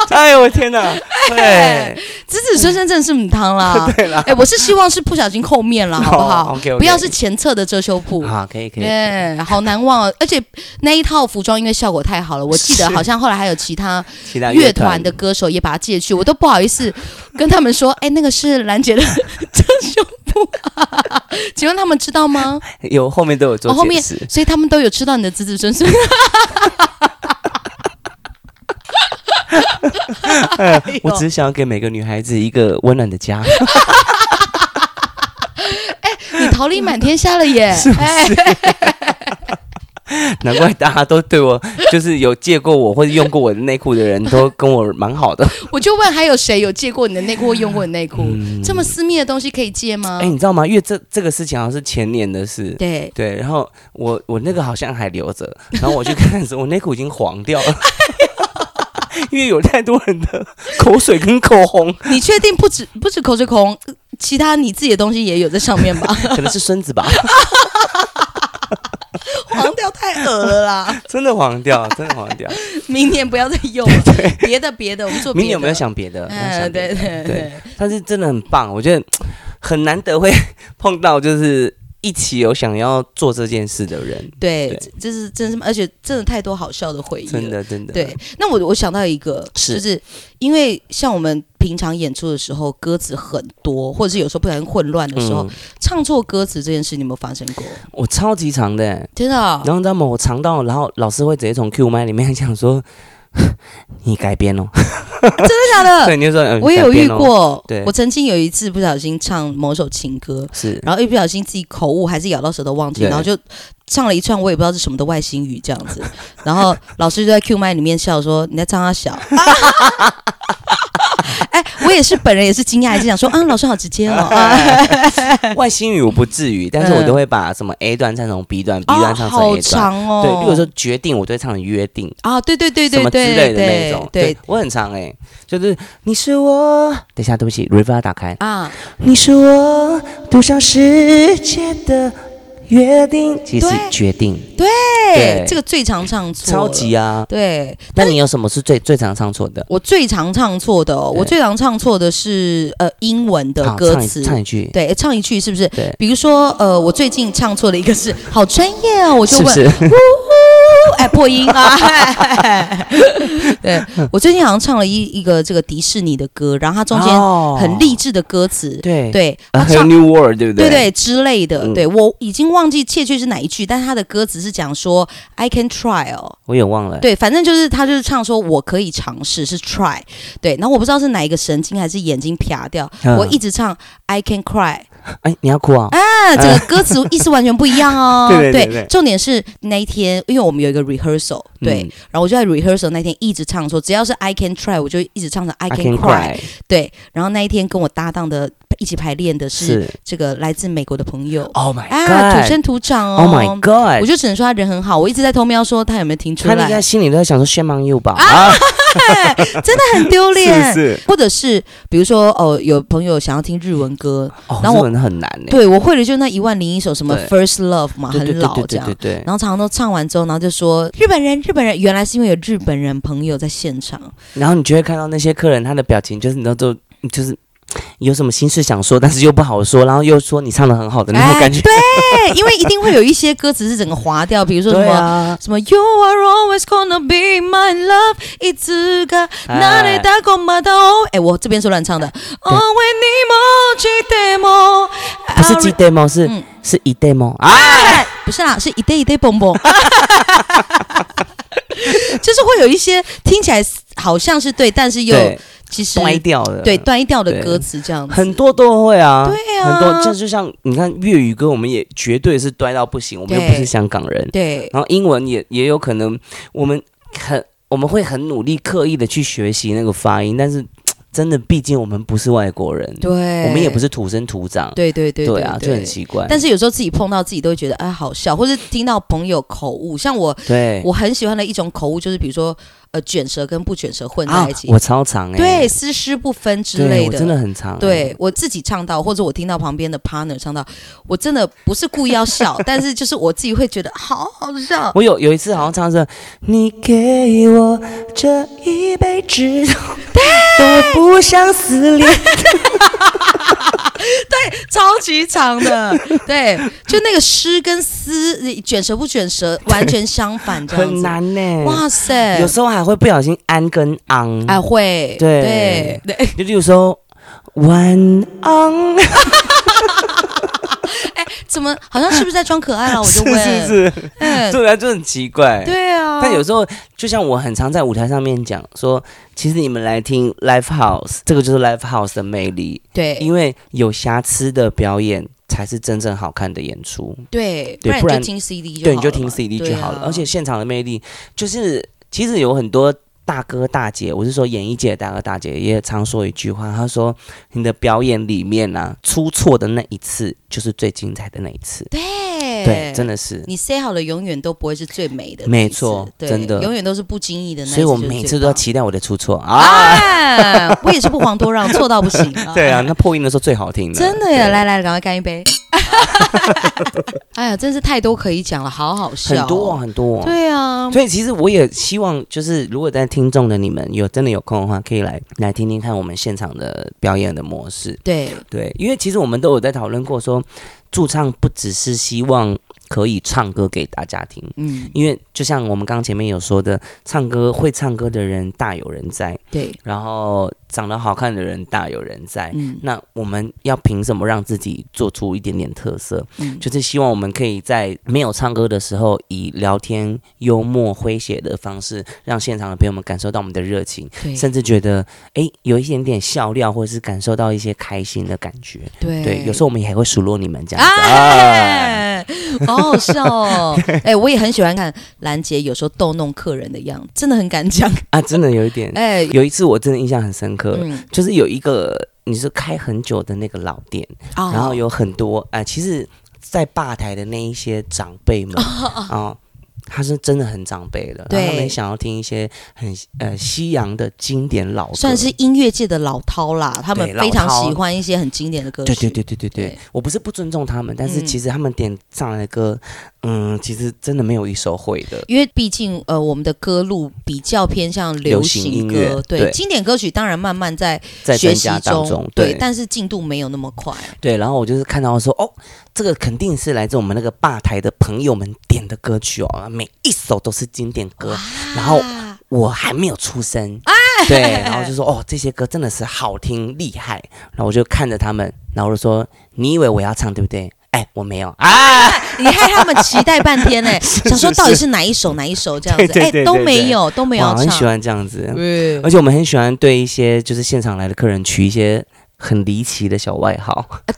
哎呦我天哪！對、欸，子子孫孫真的是母湯啦、嗯。對啦！哎、欸，我是希望是不小心扣面了、哦，好不好 okay, okay, 不要是前側的遮羞布。好、哦，可以可以。對、欸、好難忘哦！ *laughs* 而且那一套服裝因為效果太好了，我記得好像後來還有其他樂團的歌手也把它借去，我都不好意思跟他們說，哎、欸，那個是藍杰的遮羞布、啊， *laughs* *laughs* 請問他們知道嗎？有後面都有遮、哦、後面所以他們都有吃到你的子子孫孫。 *laughs* *laughs* *laughs* 嗯、我只是想要給每個女孩子一個溫暖的家。 *laughs* *laughs* 欸、你桃李滿天下了耶！是不是？ *laughs* *laughs* 難怪大家都對我，就是有借過我 *laughs* 或者用過我的內褲的人，都跟我蠻好的。 *laughs* 我就問，還有誰有借過你的內褲或用過你內褲、嗯？這麼私密的東西可以借嗎？哎、欸，你知道嗎？因為這這個事情好像是前年的事。對對，然後我我那個好像還留着，然後我去看的時候， *laughs* 我內褲已經黃掉了。 *laughs* 因為有太多人的口水跟口紅， *laughs* 你確定不止不止口水口紅，其他你自己的東西也有在上面吧？ *laughs* 可能是孫子吧， *laughs* *laughs* 黃掉太惡了， *laughs* 真的黃掉，真的黃掉。 *laughs* 明年不要再用了。對對對，別的別的。對，別的別的，明年有沒有想別的？嗯， *laughs* 哎呃、對，對對對，但是真的很棒，我覺得很難得會碰到，就是。一起有想要做這件事的人，對，對，這是真的，而且真的太多好笑的回憶，真的，真的。對，那我我想到一個，是，就是因為像我們平常演出的時候，歌詞很多，或者是有時候不小心混亂的時候，嗯、唱錯歌詞這件事，你有沒有發生過？我超級常的、欸，真的、哦，然後那麼我唱到，然後老師會直接從 Q 麥裡面講說。你改編了，真的假的、 *laughs* 嗯？我也有遇過，對，我曾經有一次不小心唱某首情歌，是，然後一不小心自己口誤，還是咬到舌頭忘記，然後就唱了一串我也不知道是什麼的外星語這樣子， *laughs* 然後老師就在 Q 麥裡面笑說你在唱他小，哎、 *laughs* *laughs* *laughs* 欸。我也是，本人也是驚訝，還是想說啊，老師好直接哦，啊。 *laughs* 外星語我不至於，但是我都會把什麼 A 段唱成 B 段，B 段唱成 A 段。長哦。對，如果說決定，我都會唱的約定啊，對對對對對，什麼之類的那種。對，我很長哎，欸，就是，啊，你是我。等一下，對不起 River 打開啊。你是我獨上世界的。約定，其實是決定。對對，對，這個最常唱錯，超級啊，對。那你有什麼是最最常唱錯的？我最常唱錯的、哦，我最常唱錯的是呃英文的歌詞、啊唱，唱一句，對，唱一句是不是？對，比如說呃，我最近唱錯了一個是好專業、哦，我就問。是不是呼呼哎，破音了！ *laughs* *laughs* 對，我最近好像唱了一一個這個迪士尼的歌，然後它中間很勵志的歌詞，oh. 對, uh, 它 word, 對對，A new world，對不對？對對,對之類的，嗯、對，我已經忘記確切是哪一句，但是它的歌詞是講說 I can try，我也忘了、欸。對，反正就是他就是唱說我可以嘗試是 try，對。然後我不知道是哪一個神經還是眼睛啪掉，我一直唱、嗯、I can cry。哎、欸，你要哭啊、哦？啊，這個歌詞意思完全不一樣哦。欸、對，對，對，對，對，重點是那一天，因為我們有一個 rehearsal，對，嗯、然後我就在 rehearsal 那天一直唱說只要是 I can try，我就一直唱成 I can cry, cry。對，然後那一天跟我搭檔的一起排練的是這個來自美國的朋友。啊、oh my god，土生土長哦。o、oh、my god，我就只能說他人很好。我一直在偷瞄，說他有沒有聽出來？他應該心裡都在想說 shame on you 吧。啊哈哈哈哈真的很丟臉，是不是？或者是比如說哦，有朋友想要聽日文歌，oh, 然後我。很難、欸、對，我會的就那一萬零一首什麼 First Love 嘛，對對對對對對對對，很老這樣，然後常常都唱完之後，然後就說日本人、日本人原來是因為有日本人朋友在現場，然後你就會看到那些客人他的表情、就是，就是你都都就是。有什麼心事想說，但是又不好說，然後又說你唱得很好的那種感覺、欸。對，因為一定會有一些歌詞是整個劃掉，比如說什麼、啊、什麼。You are always gonna be my love。一直跟哪裡打過馬刀？哎，我這邊是亂唱的。你對。不是一對麼？是 Gitemo, 是，一對麼？啊，不是啦，是一對一對蹦蹦。就是會有一些聽起來好像是對，但是又。其實，斷掉的，對，斷掉的歌詞這樣子，很多都會啊，對啊，很多，這就像你看粵語歌，我們也絕對是端到不行，我們又不是香港人，對，然後英文也也有可能，我們很我們會很努力刻意的去學習那個發音，但是真的，畢竟我們不是外國人，對，我們也不是土生土長，對對對對啊，就很奇怪。對對對，但是有時候自己碰到自己都會覺得哎好笑，或是聽到朋友口誤，像我，對我很喜歡的一種口誤就是比如說。捲舌跟不捲舌混在一起，啊、我超長哎、欸，對，絲絲不分之類的，真的很長、欸。對我自己唱到，或者我聽到旁邊的 partner 唱到，我真的不是故意要笑， *laughs* 但是就是我自己會覺得好好笑。我有有一次好像唱的是， *laughs* 你給我這一杯止都 *laughs* 我不想撕裂。 *laughs* *laughs* *laughs* 對，超級長的，對，就那個“詩”跟“絲”捲舌不捲舌，完全相反，這樣很難呢、欸。哇塞，有時候還會不小心安跟昂，還、啊、會對對對，就例如說“晚、欸、a *laughs* *laughs* 怎麼好像是不是在裝可愛啊？我就問， *laughs* 是是是，欸、對啊，就很奇怪。對啊，但有時候就像我很常在舞台上面講說，其實你們來聽 Life House，這個就是 Life House 的魅力。對，因為有瑕疵的表演才是真正好看的演出。對，不然你就聽 C D 就好了。對，你就聽 C D 就好了，對啊。而且現場的魅力就是，其實有很多。大哥大姐，我是說演藝界的大哥大姐也常說一句話，他說：“你的表演裡面呢、啊，出錯的那一次就是最精彩的那一次。”對。對，真的是你 say 好了，永遠都不會是最美的。沒錯，真的，永遠都是不經意的那。那所以我每次都要期待我的出錯啊！啊 *laughs* 我也是不遑多讓， *laughs* 錯到不行，啊。對啊，那破音的時候最好聽的。真的呀，來來，趕快乾一杯！ *laughs* *laughs* 哎呀，真是太多可以講了，好好笑哦。很多很多。對啊，所以其實我也希望，就是如果在聽眾的你們有真的有空的話，可以來來聽聽看我們現場的表演的模式。對對，因為其實我們都有在討論過說。駐唱不只是希望，可以唱歌給大家聽，嗯，因為就像我們剛前面有說的，唱歌會唱歌的人大有人在，對。然後長得好看的人大有人在，嗯。那我們要憑什麼讓自己做出一點點特色？嗯，就是希望我們可以在沒有唱歌的時候，以聊天幽、幽默、詼諧的方式，讓現場的朋友們感受到我們的熱情，對，甚至覺得誒有一點點笑料，或者是感受到一些開心的感覺，對。對，有時候我們也會數落你們這樣子，啊 *laughs* 哦、好笑哦！哎、欸，我也很喜歡看藍杰有時候逗弄客人的樣子，真的很敢講啊！真的有一點，哎、 *laughs* 欸，有一次我真的印象很深刻，嗯、就是有一個你說開很久的那個老店，啊、然後有很多哎、呃，其實在吧台的那一些長輩們啊。啊呃啊他是真的很長輩的，對，他們也想要聽一些很呃西洋的經典老歌，算是音樂界的老濤老饕啦。他們非常喜歡一些很經典的歌曲。對對對對對，對，對，對我不是不尊重他們，但是其實他們點上來的歌，嗯，嗯其實真的沒有一首會的。因為畢竟呃，我們的歌路比較偏向流行歌。行對，對，經典歌曲當然慢慢在學習中，在當中對，對，但是進度沒有那麼快。對，然後我就是看到說哦。這個肯定是來自我們那個吧檯的朋友們點的歌曲哦，每一首都是經典歌。然後我還沒有出聲，啊、對，然後就說哦，這些歌真的是好聽厲害。然後我就看着他們，然後就說你以為我要唱對不對？哎，我沒有。啊，啊你害他們期待半天呢、欸。是是是想說到底是哪一首，是是哪一首這樣子，對對對對對對對哎，都沒有都沒有。很喜歡這樣子、嗯，而且我們很喜歡對一些就是現場來的客人取一些很離奇的小外號。啊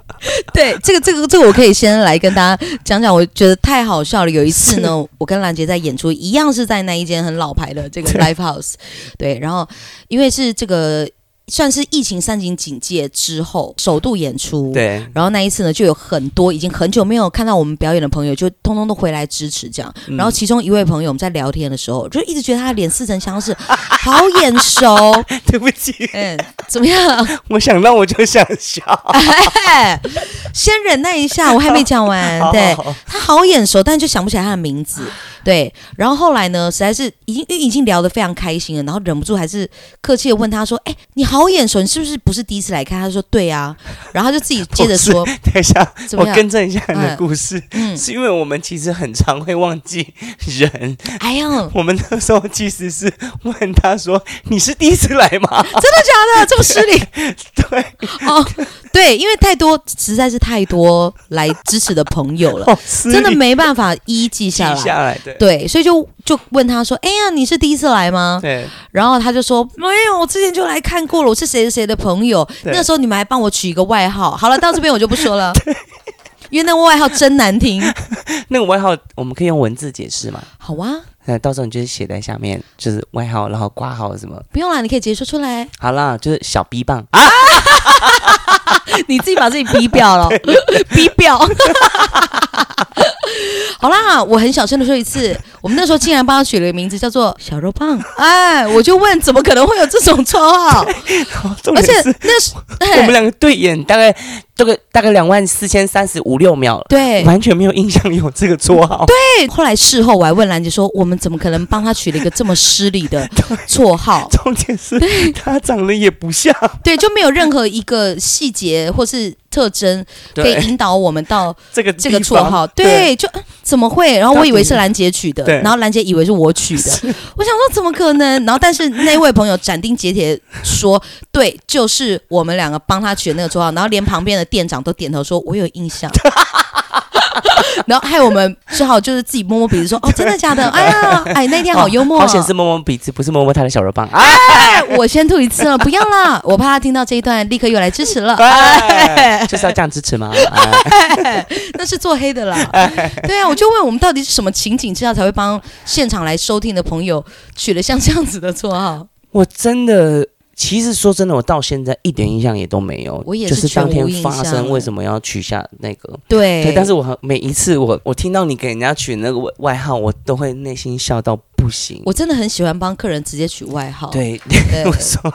*laughs* *laughs* 對，這個這個這個我可以先來跟大家講講，我覺得太好笑了。有一次呢，我跟蘭杰在演出，一樣是在那一間很老牌的這個 live house，對，對，然後因為是這個。算是疫情三級警戒之後首度演出，對。然後那一次呢，就有很多已經很久沒有看到我們表演的朋友，就通通都回來支持這樣。嗯、然後其中一位朋友，我們在聊天的時候，就一直覺得他的臉似曾相識，好眼熟。 *laughs* 對不起，嗯、哎，怎麼樣？我想到我就想笑，哎、先忍耐一下，我還沒講完。 *laughs* 好好好。對，他好眼熟，但就想不起來他的名字。對，然後後來呢，實在是已經因為已經聊得非常開心了，然後忍不住還是客氣的問他說：“哎，你好眼熟，你是不是不是第一次來看？”他說：“對呀、啊。”然後就自己接着說：“等一下，我更正一下你的故事、嗯，是因為我們其實很常會忘記人。哎呀，我們那時候其實是問他說：你是第一次來嗎？真的假的？這麼失禮？對，對哦，對，因為太多，實在是太多來支持的朋友了，哦、真的沒辦法一一記下來。記下來”對對，所以就就問他說：“哎呀，你是第一次來嗎？”對。然後他就說：“沒有，我之前就來看過了。我是誰誰誰的朋友，那時候你們還幫我取一個外號。好了，到這邊我就不說了，因為那個外號真難聽。 *laughs* 那個外號我們可以用文字解釋嗎？好啊。”那到時候你就是寫在下面，就是外號，然後掛號什麼？不用了，你可以直接說出來。好了，就是小逼棒啊！ *laughs* *laughs* 你自己把自己逼表了，逼 *laughs* B 表。 *laughs* 好啦，我很小聲的說一次，我們那時候竟然幫他取了一個名字叫做小肉棒。哎，我就問，怎麼可能會有這種綽號？ *laughs* 而且那是、哎、我們兩個對眼，大概大概大概兩萬四千三十五六秒，對，完全沒有印象裡有這個綽號。 *laughs* 對，後來事後我還問藍杰說，我們。怎麼可能幫他取了一個這麼失禮的綽號？ *laughs* 重點是 *laughs* 他長得也不像， *laughs* 對，就沒有任何一個細節或是特徵可以引導我們到這個這個綽號。對，這個、對對對就怎麼會？然後我以為是藍杰取的，然後藍杰以為是我取的。我想說怎麼可能？然後但是那位朋友斬釘截鐵說：“對，就是我們兩個幫他取的那個綽號。”然後連旁邊的店長都點頭說：“我有印象。 *laughs* ” *laughs* 然後害我們只好就是自己摸摸鼻子說 *laughs* 哦，真的假的，哎呀，哎那天好幽默，哦、好像是摸摸鼻子，不是摸摸他的小肉棒。哎，我先吐一次了，不要啦 *laughs* 我怕他聽到這一段立刻又來支持了，對 *laughs* 啊、就是要這樣支持嗎、？ *laughs* 哎、呀 *laughs* 那是做黑的啦 *laughs* *laughs* *laughs* 對啊，我就問我們到底是什麼情景之下才會幫現場來收聽的朋友取了像這樣子的綽號，我真的。其實說真的，我到現在一點印象也都沒有。我也是。就是、當天發生為什麼要取下那個？對。對，但是，我每一次我我聽到你給人家取那個外號，我都會內心笑到。不行，我真的很喜歡幫客人直接取外號。對，我 *laughs* 說，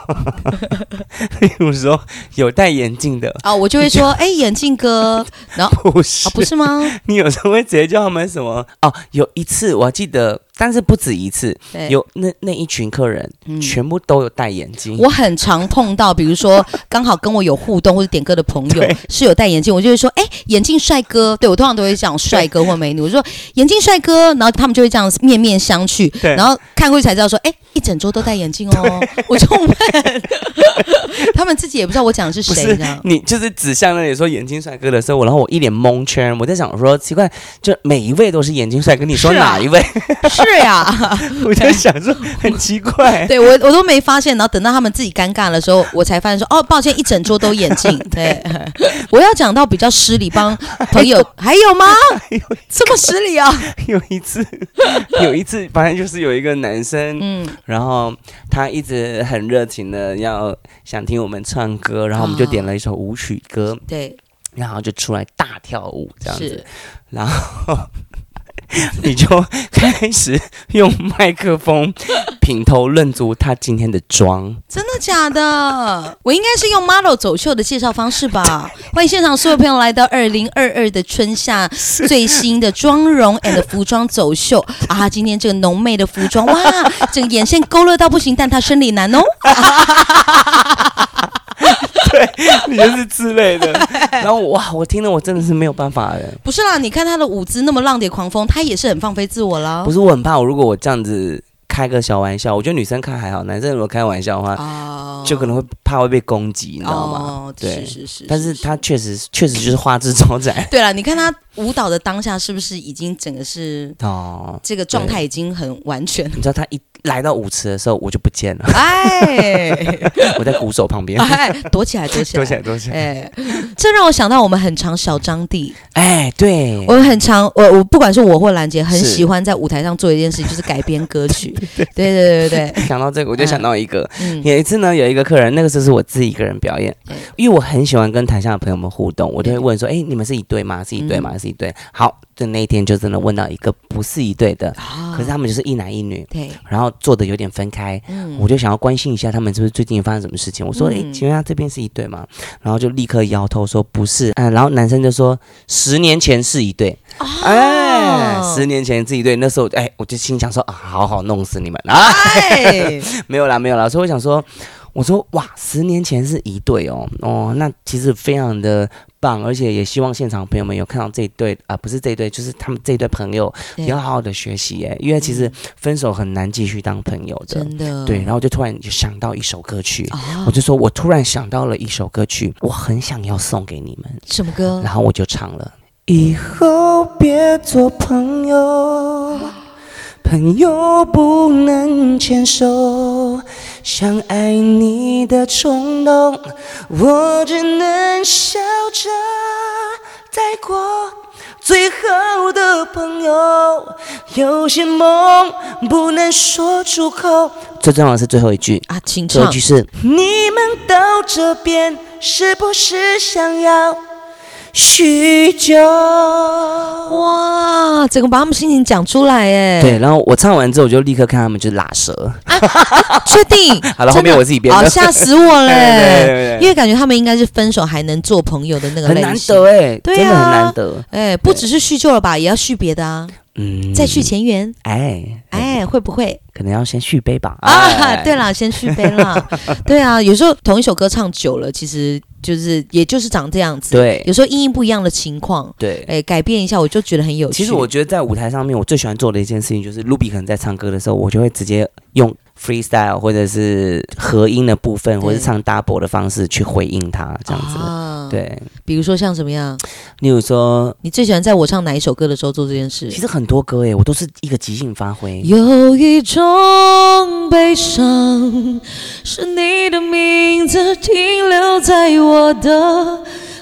我說有戴眼鏡的啊、哦，我就會說，哎、欸，眼鏡哥。然後不是、哦，不是嗎？你有時候會直接叫他們什麼？哦，有一次我還記得，但是不止一次，對，有那那一群客人、嗯、全部都有戴眼鏡。我很常碰到，比如說剛好跟我有互動或者點歌的朋友 *laughs* 是有戴眼鏡，我就會說，哎、欸，眼鏡帥哥。對，我通常都會講帥哥或美女，我說眼鏡帥哥，然後他們就會這樣面面相覷。對，然後看過去才知道說，哎、欸，一整桌都戴眼鏡哦。我就問 *laughs* *laughs* 他們自己也不知道我講的是誰。你知道嗎？你就是指向那裡說眼鏡帥哥的時候，然後我一臉蒙圈，我在想說奇怪，就每一位都是眼鏡帥哥，你說哪一位？是呀，啊， *laughs* 是啊、 *laughs* 我就想說很奇怪。對，對，對我我都沒發現，然後等到他們自己尷尬的時候，我才發現說 *laughs* 哦，抱歉，一整桌都眼鏡。對， *laughs* 我要講到比較失禮，幫朋友還有，還有嗎？有這麼失禮啊？有一次，有一次，反正就是。就是有一個男生，嗯，然後他一直很熱情的要想聽我們唱歌，然後我們就點了一首舞曲歌，哦、對，然後就出來大跳舞這樣子，然後。 *laughs* 你就開始用麥克風品頭論足他今天的妝，真的假的？我應該是用 model 走秀的介紹方式吧。歡迎現場所有朋友來到2022的春夏最新的妝容 and 服裝走秀啊！今天這個濃眉的服裝哇，整個眼線勾勒到不行，但他生理男哦、啊。就 *laughs* 是之類的，然後哇，我聽了我真的是沒有辦法了。不是啦，你看他的舞姿那麼浪蝶狂風，他也是很放飛自我了。不是，我很怕我如果我這樣子開個小玩笑，我覺得女生看還好，男生如果開玩笑的話，就可能會怕會被攻擊，你知道嗎？對，是。但是他確實確實就是花枝招展。對啦，你看他舞蹈的當下是不是已經整個是哦，這個狀態已經很完全，你知道他一。來到舞池的時候，我就不見了。哎，我在鼓手旁邊、 *laughs* 啊，躲起來，躲起來，欸、躲起來，躲起來。哎、欸，這讓我想到我們很常小張帝。哎、欸，對我們很常，我我不管是我或藍杰，很喜歡在舞台上做一件事情，就是改編歌曲。 *laughs* 對對對對對，對，對對對，想到這個我就想到一個，有、欸嗯、一次呢，有一個客人，那個時候是我自己一個人表演、嗯，因為我很喜歡跟台下的朋友們互動，嗯、我就會問說，哎、欸，你們是一對嗎？是一對嗎？嗯、是一對。好。的那一天就真的問到一個不是一對的、哦，可是他們就是一男一女，對，然後坐的有點分開、嗯，我就想要關心一下他們是不是最近發生什麼事情。我說：“哎、嗯，請問他這邊是一對嗎？”然後就立刻搖頭說：“不是。呃”嗯，然後男生就說：“十年前是一對。哦”哎，十年前是一對，那時候哎，我就心想說：“啊，好好弄死你們啊！”哎、 *laughs* 沒有啦，沒有啦。所以我想說。我說哇，十年前是一對哦，哦，那其實非常的棒，而且也希望現場朋友們有看到這一對啊，不是這一對，就是他們這一對朋友要好好的學習耶，因為其實分手很難繼續當朋友的，真的對。然後就突然想到一首歌曲，哦、我就說我突然想到了一首歌曲，我很想要送給你們，什麼歌？然後我就唱了，以後別做朋友。朋友不能牽手，想愛你的衝動，我只能笑着帶過。最好的朋友，有些夢不能說出口。最重要的是最後一句啊，清唱，最後一句是你們到這邊是不是想要？敘舊哇，整個把他們心情講出來哎？對，然後我唱完之後，我就立刻看他們就喇舌、啊啊。確定？ *laughs* 好了，後面我自己編的。哦、嚇死我了耶、哎！因為感覺他們應該是分手還能做朋友的那個類型。很難得哎，對、啊、很難得哎，不只是敘舊了吧，也要續別的啊。嗯，再續前緣。哎哎會會，會不會？可能要先續杯吧。啊，哎、對了，先續杯了。 *laughs* 對啊，有時候同一首歌唱久了，其實。就是，也就是長這樣子。對，有時候因應不一樣的情況，對，哎、欸，改變一下，我就覺得很有趣。其實我覺得在舞台上面，我最喜歡做的一件事情就是，Rubie 可能在唱歌的時候，我就會直接用。freestyle 或者是合音的部分，或者是唱 double 的方式去回應他這樣子，啊，對，比如說像怎麼樣？例如說，你最喜歡在我唱哪一首歌的時候做這件事？其實很多歌誒，我都是一個即興發揮。有一種悲傷，是你的名字停留在我的。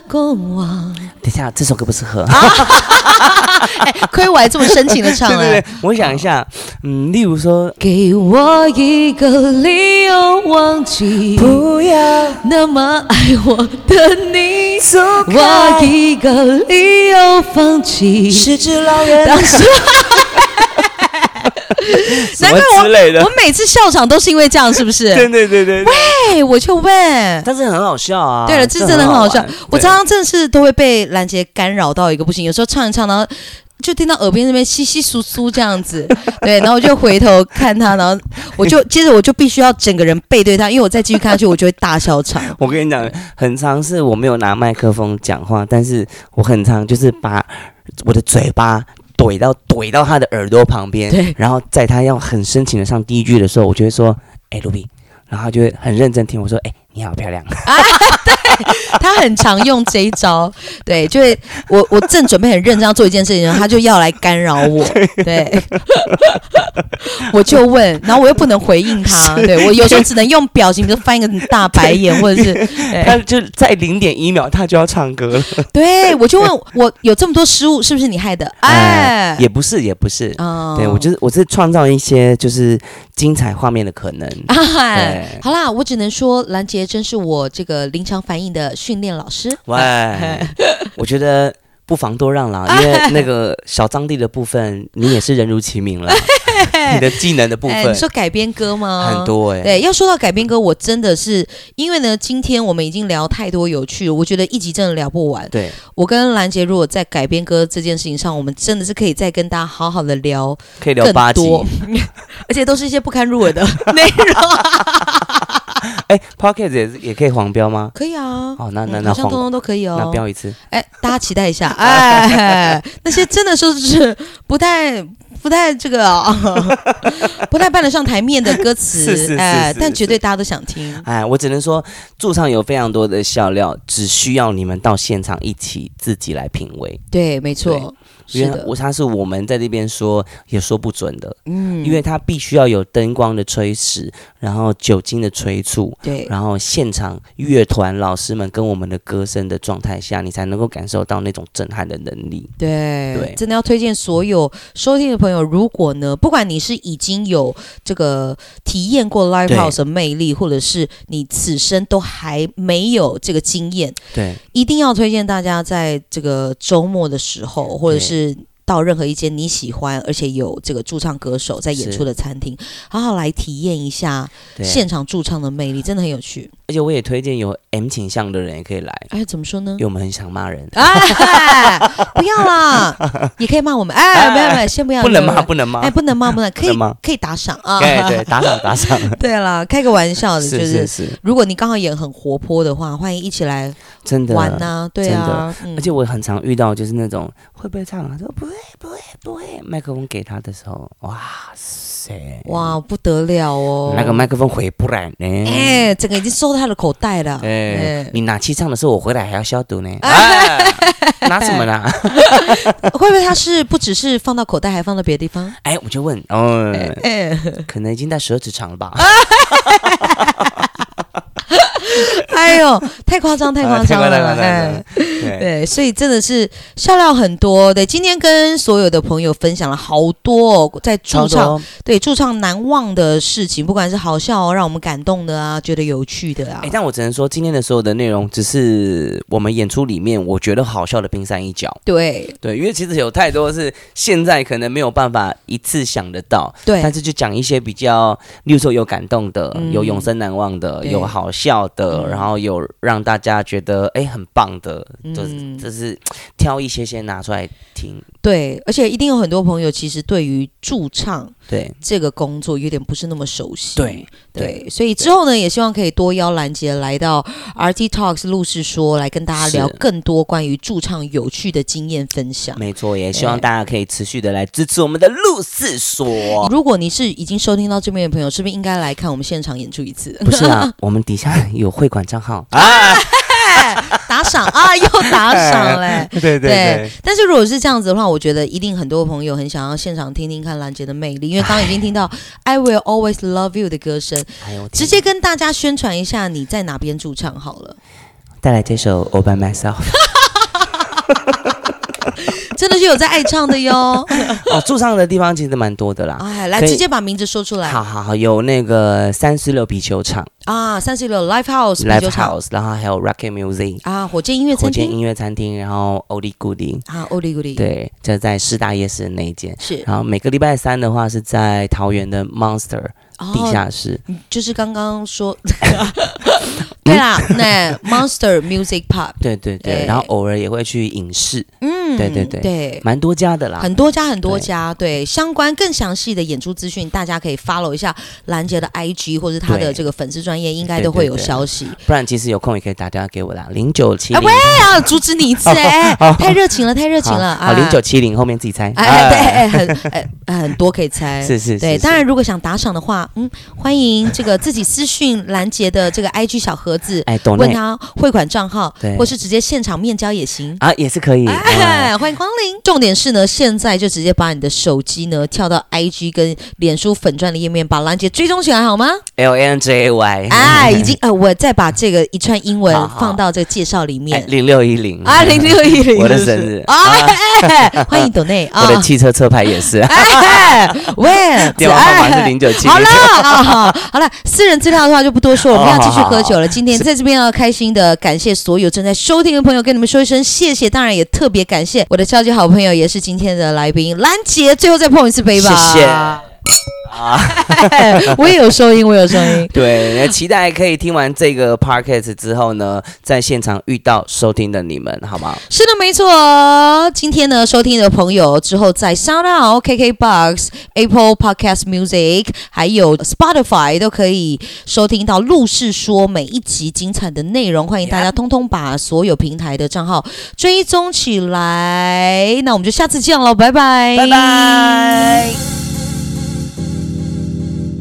等一下，這首歌不適合。虧、 *laughs* *laughs* *laughs* 欸、我還這麼深情的唱。呢， *laughs* 我想一下，嗯，例如說，給我一個理由忘記，不要 *laughs* 那麼愛我的你， *laughs* 我一個理由放棄。失智老人。 *laughs* 難怪我我每次笑場都是因為這樣，是不是？ *laughs* 對對對對。喂，我就問，但是很好笑啊。對了，這真的很好笑。我常常真的是都會被藍杰干擾到一個不行，有時候唱一唱，然後就聽到耳邊那邊稀稀疏疏這樣子， *laughs* 對，然後我就回頭看他，然後我就接着我就必須要整個人背對他，因為我再繼續看下去，我就會大笑場。 *laughs* 我跟你講，很常是我沒有拿麥克風講話，但是我很常就是把我的嘴巴，懟到懟到他的耳朵旁邊，然後在他要很深情的唱第一句的時候，我就會說：“哎，盧比。”然後他就會很認真聽我說：“哎，你好漂亮。啊” *laughs* *laughs* 他很常用這一招，對，就是我我正準備很認真要做一件事情，然後他就要來干擾我，對， *laughs* 我就問，然後我又不能回應他，對，我有時候只能用表情，比如翻一個大白眼，對或者是對，他就在零點一秒，他就要唱歌了，對，我就問我有這麼多失誤是不是你害的？哎，呃、也不是，也不是，嗯、對，我就是我是創造一些就是精彩畫面的可能對。啊，好啦，我只能說，蘭杰真是我這個臨場反應的訓練老師，喂， *laughs* 我覺得不妨多讓了，因為那個小張帝的部分，你也是人如其名了。 *laughs* *laughs* 你的技能的部分、哎，你說改編歌嗎？很多哎、欸。對，要說到改編歌，我真的是因為呢，今天我們已經聊太多有趣了，我覺得一集真的聊不完。對，我跟藍杰如果在改編歌這件事情上，我們真的是可以再跟大家好好的聊，可以聊八集， *laughs* 而且都是一些不堪入耳的內容。哎，Podcast 也是也可以黃標嗎？可以啊。哦，那、嗯、那那好像通通都可以哦，那標一次。哎，大家期待一下， *laughs* 哎，那些真的說就是不太。不太這個， *laughs* *laughs* 不太搬得上檯面的歌詞， *laughs* 是是是是哎，是是是，但絕對大家都想聽。哎，我只能說，駐唱有非常多的笑料，只需要你們到現場一起自己來品味。對，沒錯。因為它，是的，它是我們在這邊說也說不準的，嗯，因為它必須要有燈光的催使，然後酒精的催促，對，然後現場樂團老師們跟我們的歌聲的狀態下，你才能夠感受到那種震撼的能力，對，對真的要推薦所有收聽的朋友，如果呢，不管你是已經有這個體驗過 Live House 的魅力，或者是你此生都還沒有這個經驗，對，一定要推薦大家在這個週末的時候，或者是。是到任何一間你喜歡而且有這個駐唱歌手在演出的餐廳，好好來體驗一下現場駐唱的魅力，真的很有趣。而且我也推薦有 M 傾向的人也可以來。哎，怎麼說呢？因為我們很想罵人、哎 *laughs* 哎。不要啦，你 *laughs* 可以罵我們。哎，不、哎、要，不、哎、要、哎哎哎，先不要。不能罵，不能罵。哎，不能罵，不能，可以嗎？可以打賞啊，對對，打賞，打賞。 *laughs* 對了，開個玩笑的， *laughs* 是是是，就是如果你剛好也很活潑的話，歡迎一起來真的玩呢、啊。對啊、嗯，而且我很常遇到就是那種。會不會唱、啊？他說不會，不會，不會。麥克風給他的時候，哇塞！哇，不得了哦！那個麥克風回不來呢。哎、欸欸，整個已經收到他的口袋了。哎、欸欸，你拿去唱的時候，我回來還要消毒呢。啊啊、拿什麼呢？會不會他是不只是放到口袋，還放到別的地方？哎、欸，我就問，哦，欸欸、可能已經在舌齒長了吧？啊啊 *laughs* 哎呦，太誇張，太誇張了！哎，太誇張了，太誇張了，對，對，所以真的是笑料很多。對，今天跟所有的朋友分享了好多、哦，在駐唱，對駐唱難忘的事情，不管是好笑、哦、讓我們感動的啊，覺得有趣的啊。哎、欸，但我只能說，今天的所有的內容只是我們演出裡面我覺得好笑的冰山一角。對，對，因為其實有太多是現在可能沒有辦法一次想得到，對。但是就講一些比較，六如有感動的、嗯，有永生難忘的，有好笑的。的、嗯，然後有讓大家覺得哎、欸、很棒的，就是、嗯、這是挑一些先拿出來聽。對，而且一定有很多朋友其實對於駐唱對這個工作有點不是那麼熟悉。對對，對，所以之後呢，也希望可以多邀藍杰來到 RT Talks 露是說，來跟大家聊更多關於駐唱有趣的經驗分享。沒錯，也希望大家可以持續的來支持我們的露是說、哎。如果你是已經收聽到這邊的朋友，是不是應該來看我們現場演出一次？不是啊， *laughs* 我們底下有。有匯款賬號啊、 *laughs* 哎！打賞啊！又打賞嘞、哎！對對對，對！但是如果是這樣子的話，我覺得一定很多朋友很想要現場聽聽看藍杰的魅力，因為剛剛已經聽到 I will always love you 的歌聲，直接跟大家宣傳一下你在哪邊駐唱好了。帶來這首 All by myself， *laughs* 真的是有在愛唱的喲！ *laughs* 哦，駐唱的地方其實蠻多的啦。哎，來直接把名字說出來。好好好，有那個三十六比球場。啊，三十六 Live House Live House，然後還有 Rocket Music 啊，火箭音樂餐廳，火箭音樂餐廳，然後 Odi Gooding 啊，Odi Gooding，對，就在師大夜市的那一間，是，然後每個禮拜三的話是在桃園的 Monster 地下室，哦、就是剛剛說 *laughs* *laughs* *laughs* 對啦， *laughs* 那 Monster Music Pub，對對對，對，然後偶爾也會去影視，嗯，對對對，對，蠻多家的啦，很多家很多家，對，對相關更詳細的演出資訊，大家可以 follow 一下蘭杰的 IG 或是他的這個粉絲專。也應該都會有消息，對對對，不然其實有空也可以打電話給我啦，零九七喂啊，阻止你一次哎、 *laughs* 欸，太熱情了， *laughs* 太熱情了， *laughs* 熱情了好啊！零九七零後面自己猜，啊、哎，對， *laughs* 哎、很、哎、很多可以猜，是是，是，是，當然如果想打賞的話，嗯，歡迎這個自己私訊藍杰的這個 IG 小盒子，哎、問他匯款賬號，或是直接現場面交也行啊，也是可以。啊哎、歡迎光臨、啊。重點是呢，現在就直接把你的手機呢跳到 IG 跟臉書粉專的頁面，把藍杰追蹤起來好嗎？L N J A Y。哎，已經呃，我再把這個一串英文放到這個介紹裡面。零六一零，啊，零六一零，我的生日，哎歡迎董內啊， *laughs* 我的汽車車牌也是。哎， *laughs* 喂 *laughs* *laughs* *laughs* 電話號碼是零九七。好了好了，私人資料的話就不多說 *laughs* 我們要繼續喝酒了。今天在這邊要開心的，感謝所有正在收聽的朋友，跟你們說一聲謝謝。當然也特別感謝我的超級好朋友，也是今天的來賓藍杰，最後再碰一次杯吧。謝謝啊！ *laughs* *laughs* 我也有收音, *laughs* 我有收音，我有收音。 *laughs* 對，期待可以聽完這個 Podcast 之後呢，在現場遇到收聽的你們，好不好？是的，沒錯。今天呢，收聽的朋友之後在 SoundOn KK Box、Apple Podcast Music，還有 Spotify 都可以收聽到《露是說》每一集精彩的內容。歡迎大家通通把所有平台的賬號追蹤起來。Yeah. 那我們就下次見了，拜拜，拜拜。